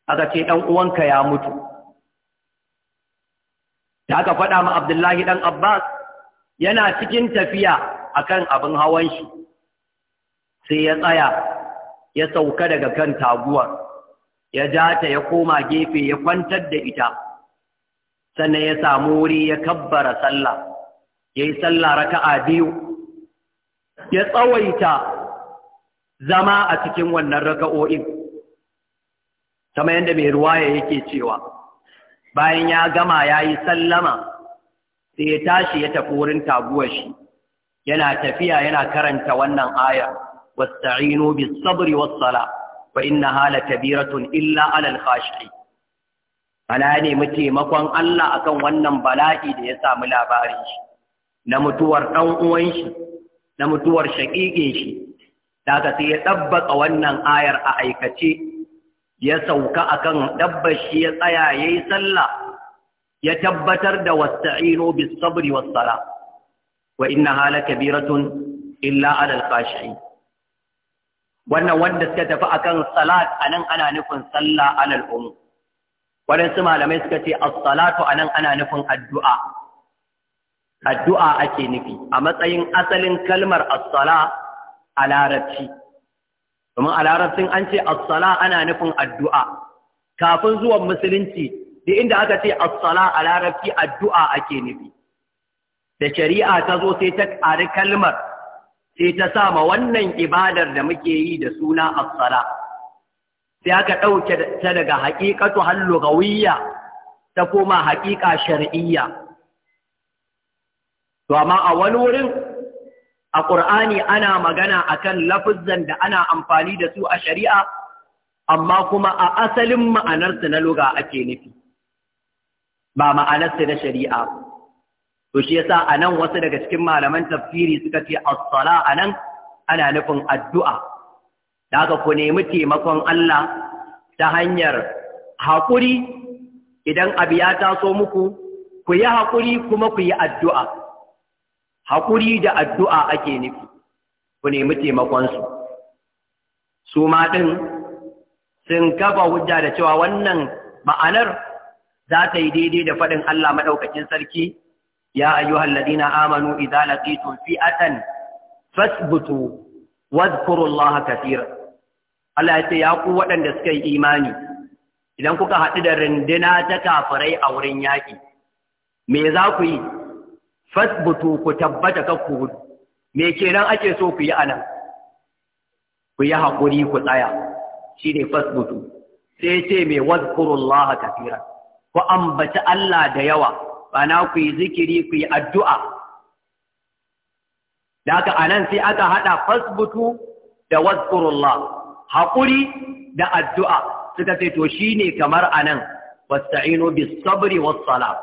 aka ce ɗan uwanka ya mutu da aka faɗa ma abdullahi ɗan abbas yana cikin tafiya akan abin hawan shi sai ya tsaya ya sauka daga kan taguwar ya ja ta ya koma gefe ya kwantar da ita sannan ya samu wuri ya kabbara sallah ya yi sallah raka'a biyu ya tsawaita zama a cikin wannan raka'o'in kama yadda mai ruwaya yake cewa bayan ya gama ya yi sallama sai ya tashi ya tafi wurin taguwar shi yana tafiya yana karanta wannan aya wasta'inu bis sabri was sala fa hala lakabiratun illa 'alal khashi'in ana nemi taimakon Allah akan wannan bala'i da ya samu labarin shi na mutuwar ɗan uwan shi na mutuwar shaƙiƙin shi daga sai ya ɗabbaka wannan ayar a aikace ya sauka akan dabbar shi ya tsaya ya yi sallah ya tabbatar da wasta'inu bis sabri was sala wa hala lakabiratun illa alal khashi'in wannan wanda suka tafi akan salat nan ana nufin sallah alal um wadansu malamai suka ce as-salatu anan ana nufin addu'a addu'a ake nufi a matsayin asalin kalmar assala a larabci domin a larabcin an ce assala ana nufin addu'a kafin zuwan musulunci da inda aka ce assala a larabci addu'a ake nufi da shari'a ta zo sai ta ƙari kalmar sai ta sa ma wannan ibadar da muke yi da suna assala. sai aka ɗauke ta daga haƙiƙatu hallugawiyya ta koma haƙiƙa shar'iyya to amma a wani wurin a ƙur'ani ana magana a kan lafuzan da ana amfani da su a shari'a amma kuma a asalin ma'anarsu na loga ake nufi ba ma'anarsu na shari'a to shi yasa nan wasu daga cikin malaman tafsiri suka ce asala a nan ana nufin addu'a da aka ku nemi taimakon Allah ta hanyar haƙuri idan abu ya taso muku ku yi haƙuri kuma ku yi addu'a haƙuri da addu'a ake nufi ku nemi taimakonsu su ma ɗin sun kafa hujja da cewa wannan ma'anar za ta yi daidai da faɗin Allah maɗaukacin sarki ya ayyuhal ladina amanu idza laqitum fi'atan fasbutu laha kaseeran Allah ya ce ya ku waɗanda suka yi imani idan kuka haɗu da rindina ta kafirai a wurin yaƙi me za ku yi fasbutu ku tabbata kakku hudu me kenan ake so ku yi anan ku yi haƙuri ku tsaya shi ne fasbutu sai ce mai wadkurullaha kafiran ku ambaci Allah da yawa bana ku yi zikiri ku yi addu'a da aka anan sai aka haɗa fasbutu da wadkurullah haƙuri da addu'a suka ce to shi ne kamar anan wasta'inu bis sabri was sala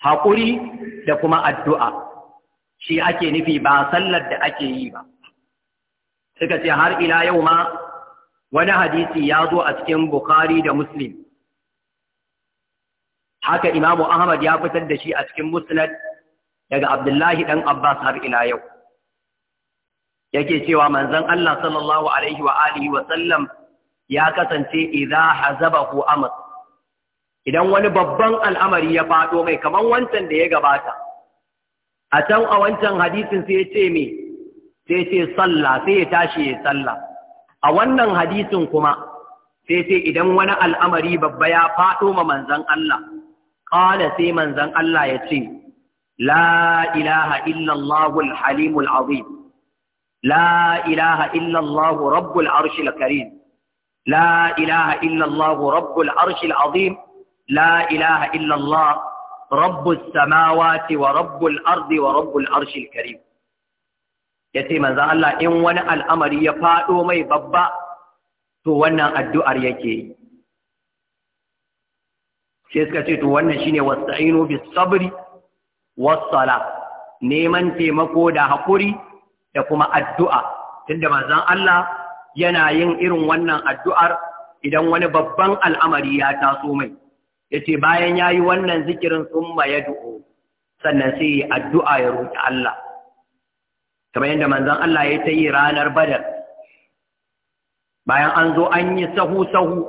haƙuri da kuma addu'a shi ake nufi ba sallar da ake yi ba suka ce har ila yau ma wani hadisi ya zo a cikin Bukhari da Muslim haka imamu Ahmad ya fitar da shi a cikin Musnad daga Abdullahi ɗan Abbas har ila yau yake cewa manzon Allah sallallahu alaihi wa wa sallam ya kasance hazaba hazabahu amr idan wani babban al'amari ya faɗo mai kamar wancan da ya gabata a can a wancan hadisin sai ce me sai ce sallah sai ya tashi ya sallah a wannan hadisin kuma sai ce idan wani al'amari babba ya faɗo ma manzan Allah ƙala sai manzan Allah ya ce la ilaha illallahul halimul azim la ilaha illallahu rabbul arshil karim la ilaha illallahu rabbul arshil azim la ilaha illallah rabbus samawati wa rabbul ardi wa rabbul arshil yace manzo Allah in wani al'amari ya fado mai babba to wannan addu'ar yake yi sai suka ce to wannan shine wasta'inu bis sabri was sala neman taimako da hakuri da kuma addu'a tunda manzon Allah yana yin irin wannan addu'ar idan wani babban al'amari ya taso mai yace bayan yayi wannan zikirin tsumma ya du'o sannan sai addu'a ya roki Allah kamar yadda manzon Allah ya ta yi ranar Badar bayan an zo an yi sahu sahu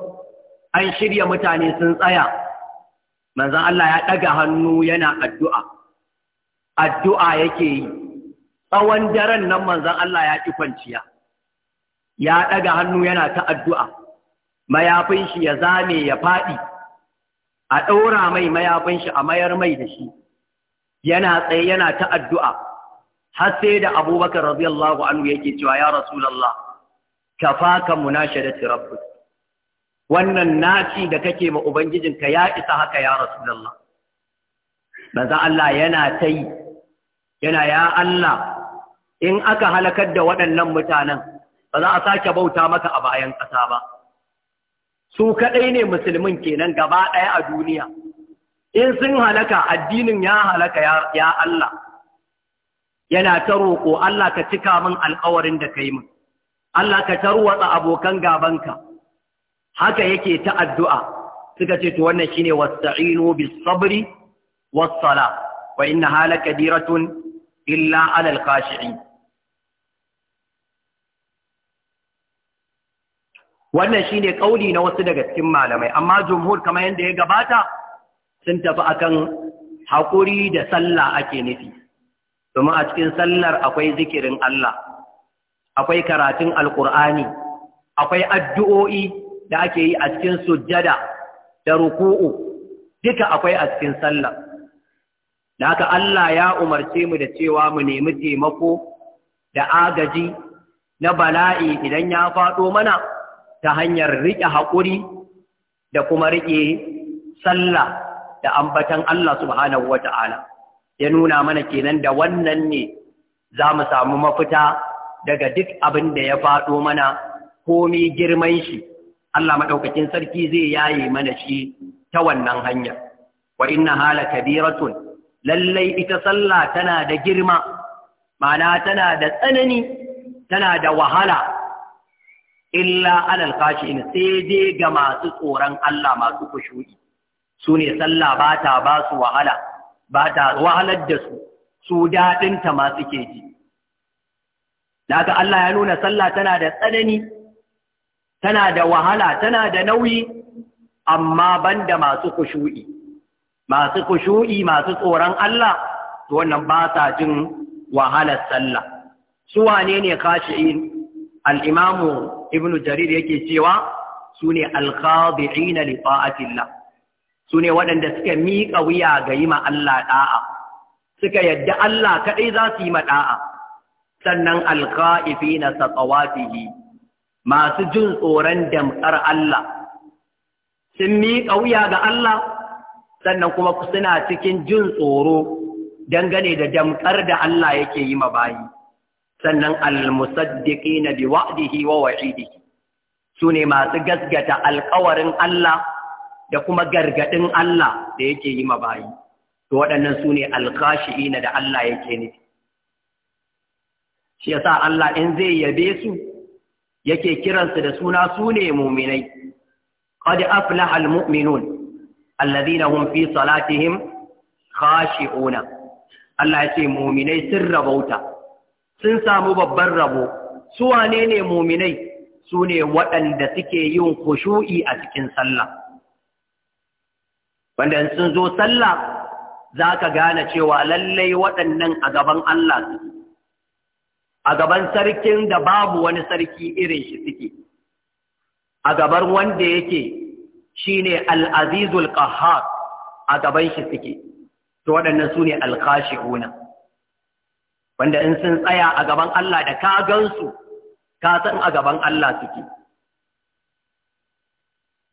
an shirya mutane sun tsaya manzon Allah ya daga hannu yana addu'a addu'a yake yi tsawon daren nan manzon Allah ya ki kwanciya ya daga hannu yana ta addu'a mayafin shi ya zame ya faɗi a ɗaura mai mayafin shi a mayar mai da shi yana tsaye yana ta addu'a har sai da abubakar radiyallahu anhu yake cewa ya rasulallah ka faka munashadati rabbi wannan naci da kake ma ubangijinka ya isa haka ya rasulallah manzo Allah yana ta yi yana ya Allah in aka halakar da waɗannan mutanen ba za a sake bauta maka a bayan ƙasa ba su kaɗai ne musulmin kenan gaba ɗaya a duniya in sun halaka addinin ya halaka ya Allah yana ta roƙo Allah ka cika min alƙawarin da ka yi min Allah ka tarwatsa abokan gabanka haka yake ta addu'a suka ce to wannan shine wasta'inu bis sabri was sala wa innaha diratun illa alal khashi'in wannan shine kauli na wasu daga cikin malamai amma jumhur kamar yadda ya gabata sun tafi akan haƙuri da sallah ake nufi domin a cikin sallar akwai zikirin Allah akwai karatun alkur'ani akwai addu'o'i da ake yi a cikin sujjada da ruku'u duka akwai a cikin sallar da haka Allah ya umarce mu da cewa mu nemi taimako da agaji na bala'i idan ya faɗo mana ta hanyar riƙe haƙuri da kuma riƙe sallah da ambatan Allah subhanahu wa ta'ala, ya nuna mana kenan da wannan ne za mu samu mafita daga duk abin da ya faɗo mana komi girman shi, Allah maɗaukakin sarki zai yaye mana shi ta wannan hanyar. Wa inna hala kabiratun, lallai ita sallah tana da girma, ma'ana tana da tsanani, tana da wahala, illa alal ne sai dai ga masu tsoron Allah masu kushu'i su ne sallah ba ta ba su wahala ba ta wahalar da su su daɗin ta ma suke ji daga Allah ya nuna sallah tana da tsanani tana da wahala tana da nauyi amma banda masu kushu'i masu kushu'i masu tsoron Allah to wannan ba sa jin wahalar sallah su wane ne khashi'in al'imamu ibn jarir yake cewa su ne alkhadi'ina li ta'atillah su ne waɗanda suka miƙa wuya ga yi ma Allah ɗa'a suka yadda Allah kaɗai za su yi ma ɗa'a sannan alkha'ifina saqawatihi masu jin tsoron damƙar Allah sun miƙa wuya ga Allah sannan kuma suna cikin jin tsoro dangane da damƙar da Allah yake yi ma bayi sannan al-musaddiqi na bi wa'dihi wa wa'idihi su ne masu gasgata alkawarin Allah da kuma gargadin Allah da yake yi ma bayi to waɗannan su ne alkashi'ina da Allah yake nufi shi yasa Allah in zai yabe su yake kiransu da suna su ne muminai qad aflaha almu'minun alladhina hum fi salatihim khashi'una Allah yace muminai sun rabauta sun samu babban rabo su wane ne muminai su ne waɗanda suke yin kushu'i a cikin sallah wanda sun zo sallah za ka gane cewa lallai waɗannan a gaban Allah su a gaban sarkin da babu wani sarki irin shi suke a gaban wanda yake shine al al’azizul ƙahar a gaban shi suke to waɗannan su ne al wanda in sun tsaya a gaban Allah da ka gansu ka san a gaban Allah suke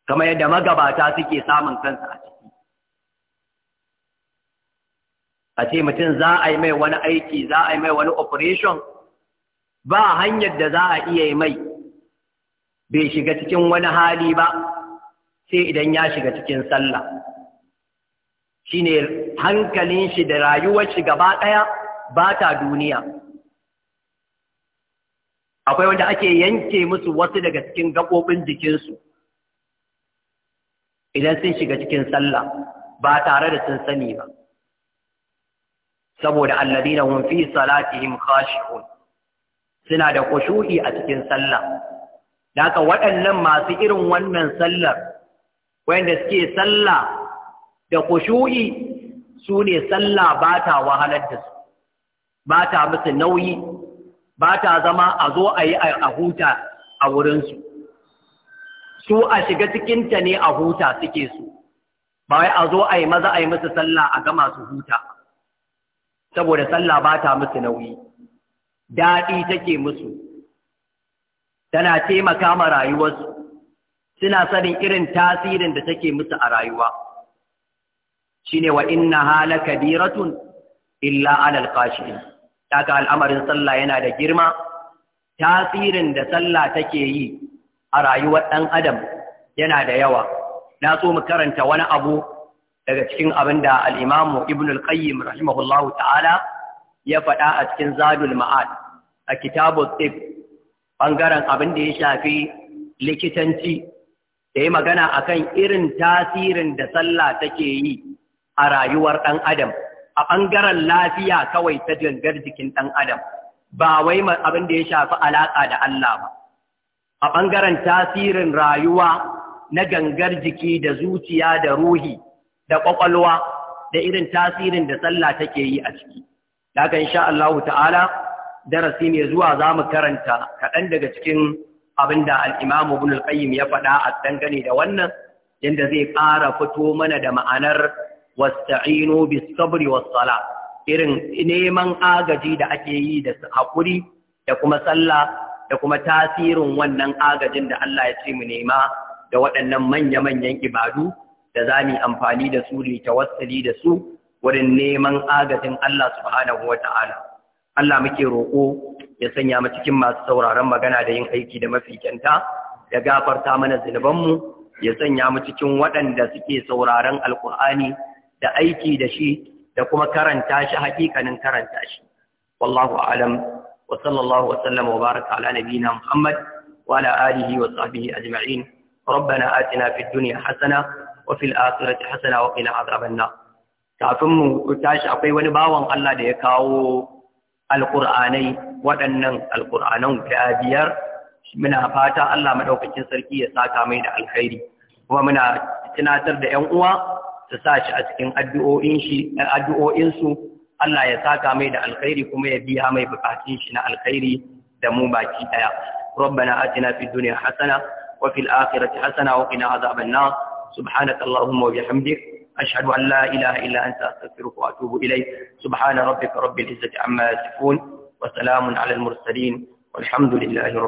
kamar yadda magabata suke samun kansa a ciki a ce mutum za a yi mai wani aiki za a yi mai wani operation ba hanyar da za a iya yi mai bai shiga cikin wani hali ba sai idan ya shiga cikin sallah shine hankalin shi da rayuwar shi gaba ɗaya ba ta duniya akwai wanda ake yanke musu wasu daga cikin gaɓoɓin jikinsu idan sun shiga cikin sallah ba tare da sun sani ba saboda alladina hum fi salatihim khashi'un suna da khushu'i a cikin sallah daga waɗannan masu irin wannan sallar wanda suke sallah da khushu'i su ne sallah ba ta wahalar da su ba ta musu nauyi ba ta zama a zo a yi a huta a wurinsu su a shiga cikinta ne a huta suke su ba wai a zo a yi maza a yi musu sallah a gama su huta saboda sallah ba ta musu nauyi daɗi take musu tana taimaka ma rayuwarsu suna sanin irin tasirin da take musu a rayuwa shine wa inna halaka biratun illa alal qashirin kaga al'amarin sallah yana da girma tasirin da sallah take yi a rayuwar ɗan adam yana da yawa na so mu karanta wani abu daga cikin abin da al'imamu ibn al-qayyim rahimahullahu ta'ala ya faɗa a cikin zadul ma'ad a kitabu tsib ɓangaren abin da ya shafi likitanci da ya magana akan irin tasirin da sallah take yi a rayuwar ɗan adam a ɓangaren lafiya kawai ta gangar jikin ɗan adam ba wai abin da ya shafi alaƙa da Allah ba a ɓangaren tasirin rayuwa na gangar jiki da zuciya da ruhi da ƙwaƙwalwa da irin tasirin da sallah take yi a ciki daga insha Allah ta'ala darasi ne zuwa za mu karanta kaɗan daga cikin abin da al'imamu ibn al ya faɗa a dangane da wannan yadda zai ƙara fito mana da ma'anar wasta'inu bis sabri was sala irin neman agaji da ake yi da hakuri da kuma sallah da kuma tasirin wannan agajin da Allah ya ce mu nema da waɗannan manya-manyan ibadu da za mu amfani da su ne tawassuli da su wurin neman agajin Allah subhanahu WaTa'ala. Allah muke roƙo ya sanya mu cikin masu sauraron magana da yin aiki da mafi kyanta ya gafarta mana zunubanmu ya sanya mu cikin waɗanda suke sauraron alkur'ani da aiki da shi da kuma karanta shi hakikanin karanta shi wallahu alam wa sallallahu wa wa baraka ala nabiyina muhammad wa ala alihi wa sahbihi ajma'in rabbana atina fid dunya hasana wa fil akhirati hasana wa kafin mu tashi akwai wani bawan Allah da ya kawo alqur'anai waɗannan alqur'anan guda biyar muna fata Allah madaukakin sarki ya saka mai da alkhairi kuma muna tunatar da ƴan uwa ta sa shi a cikin addu’o’insu, Allah ya saka mai da alkhairi kuma ya biya mai bukatun shi na alkhairi da mu baki ɗaya. Rabbana atina fi duniya hasana wa fil akhirati hasana wa qina azaban nar subhanaka allahumma wa bihamdik ashhadu an la ilaha illa anta astaghfiruka wa atubu ilayk subhana rabbika rabbil izzati amma yasifun wa salamun ala al mursalin walhamdulillahi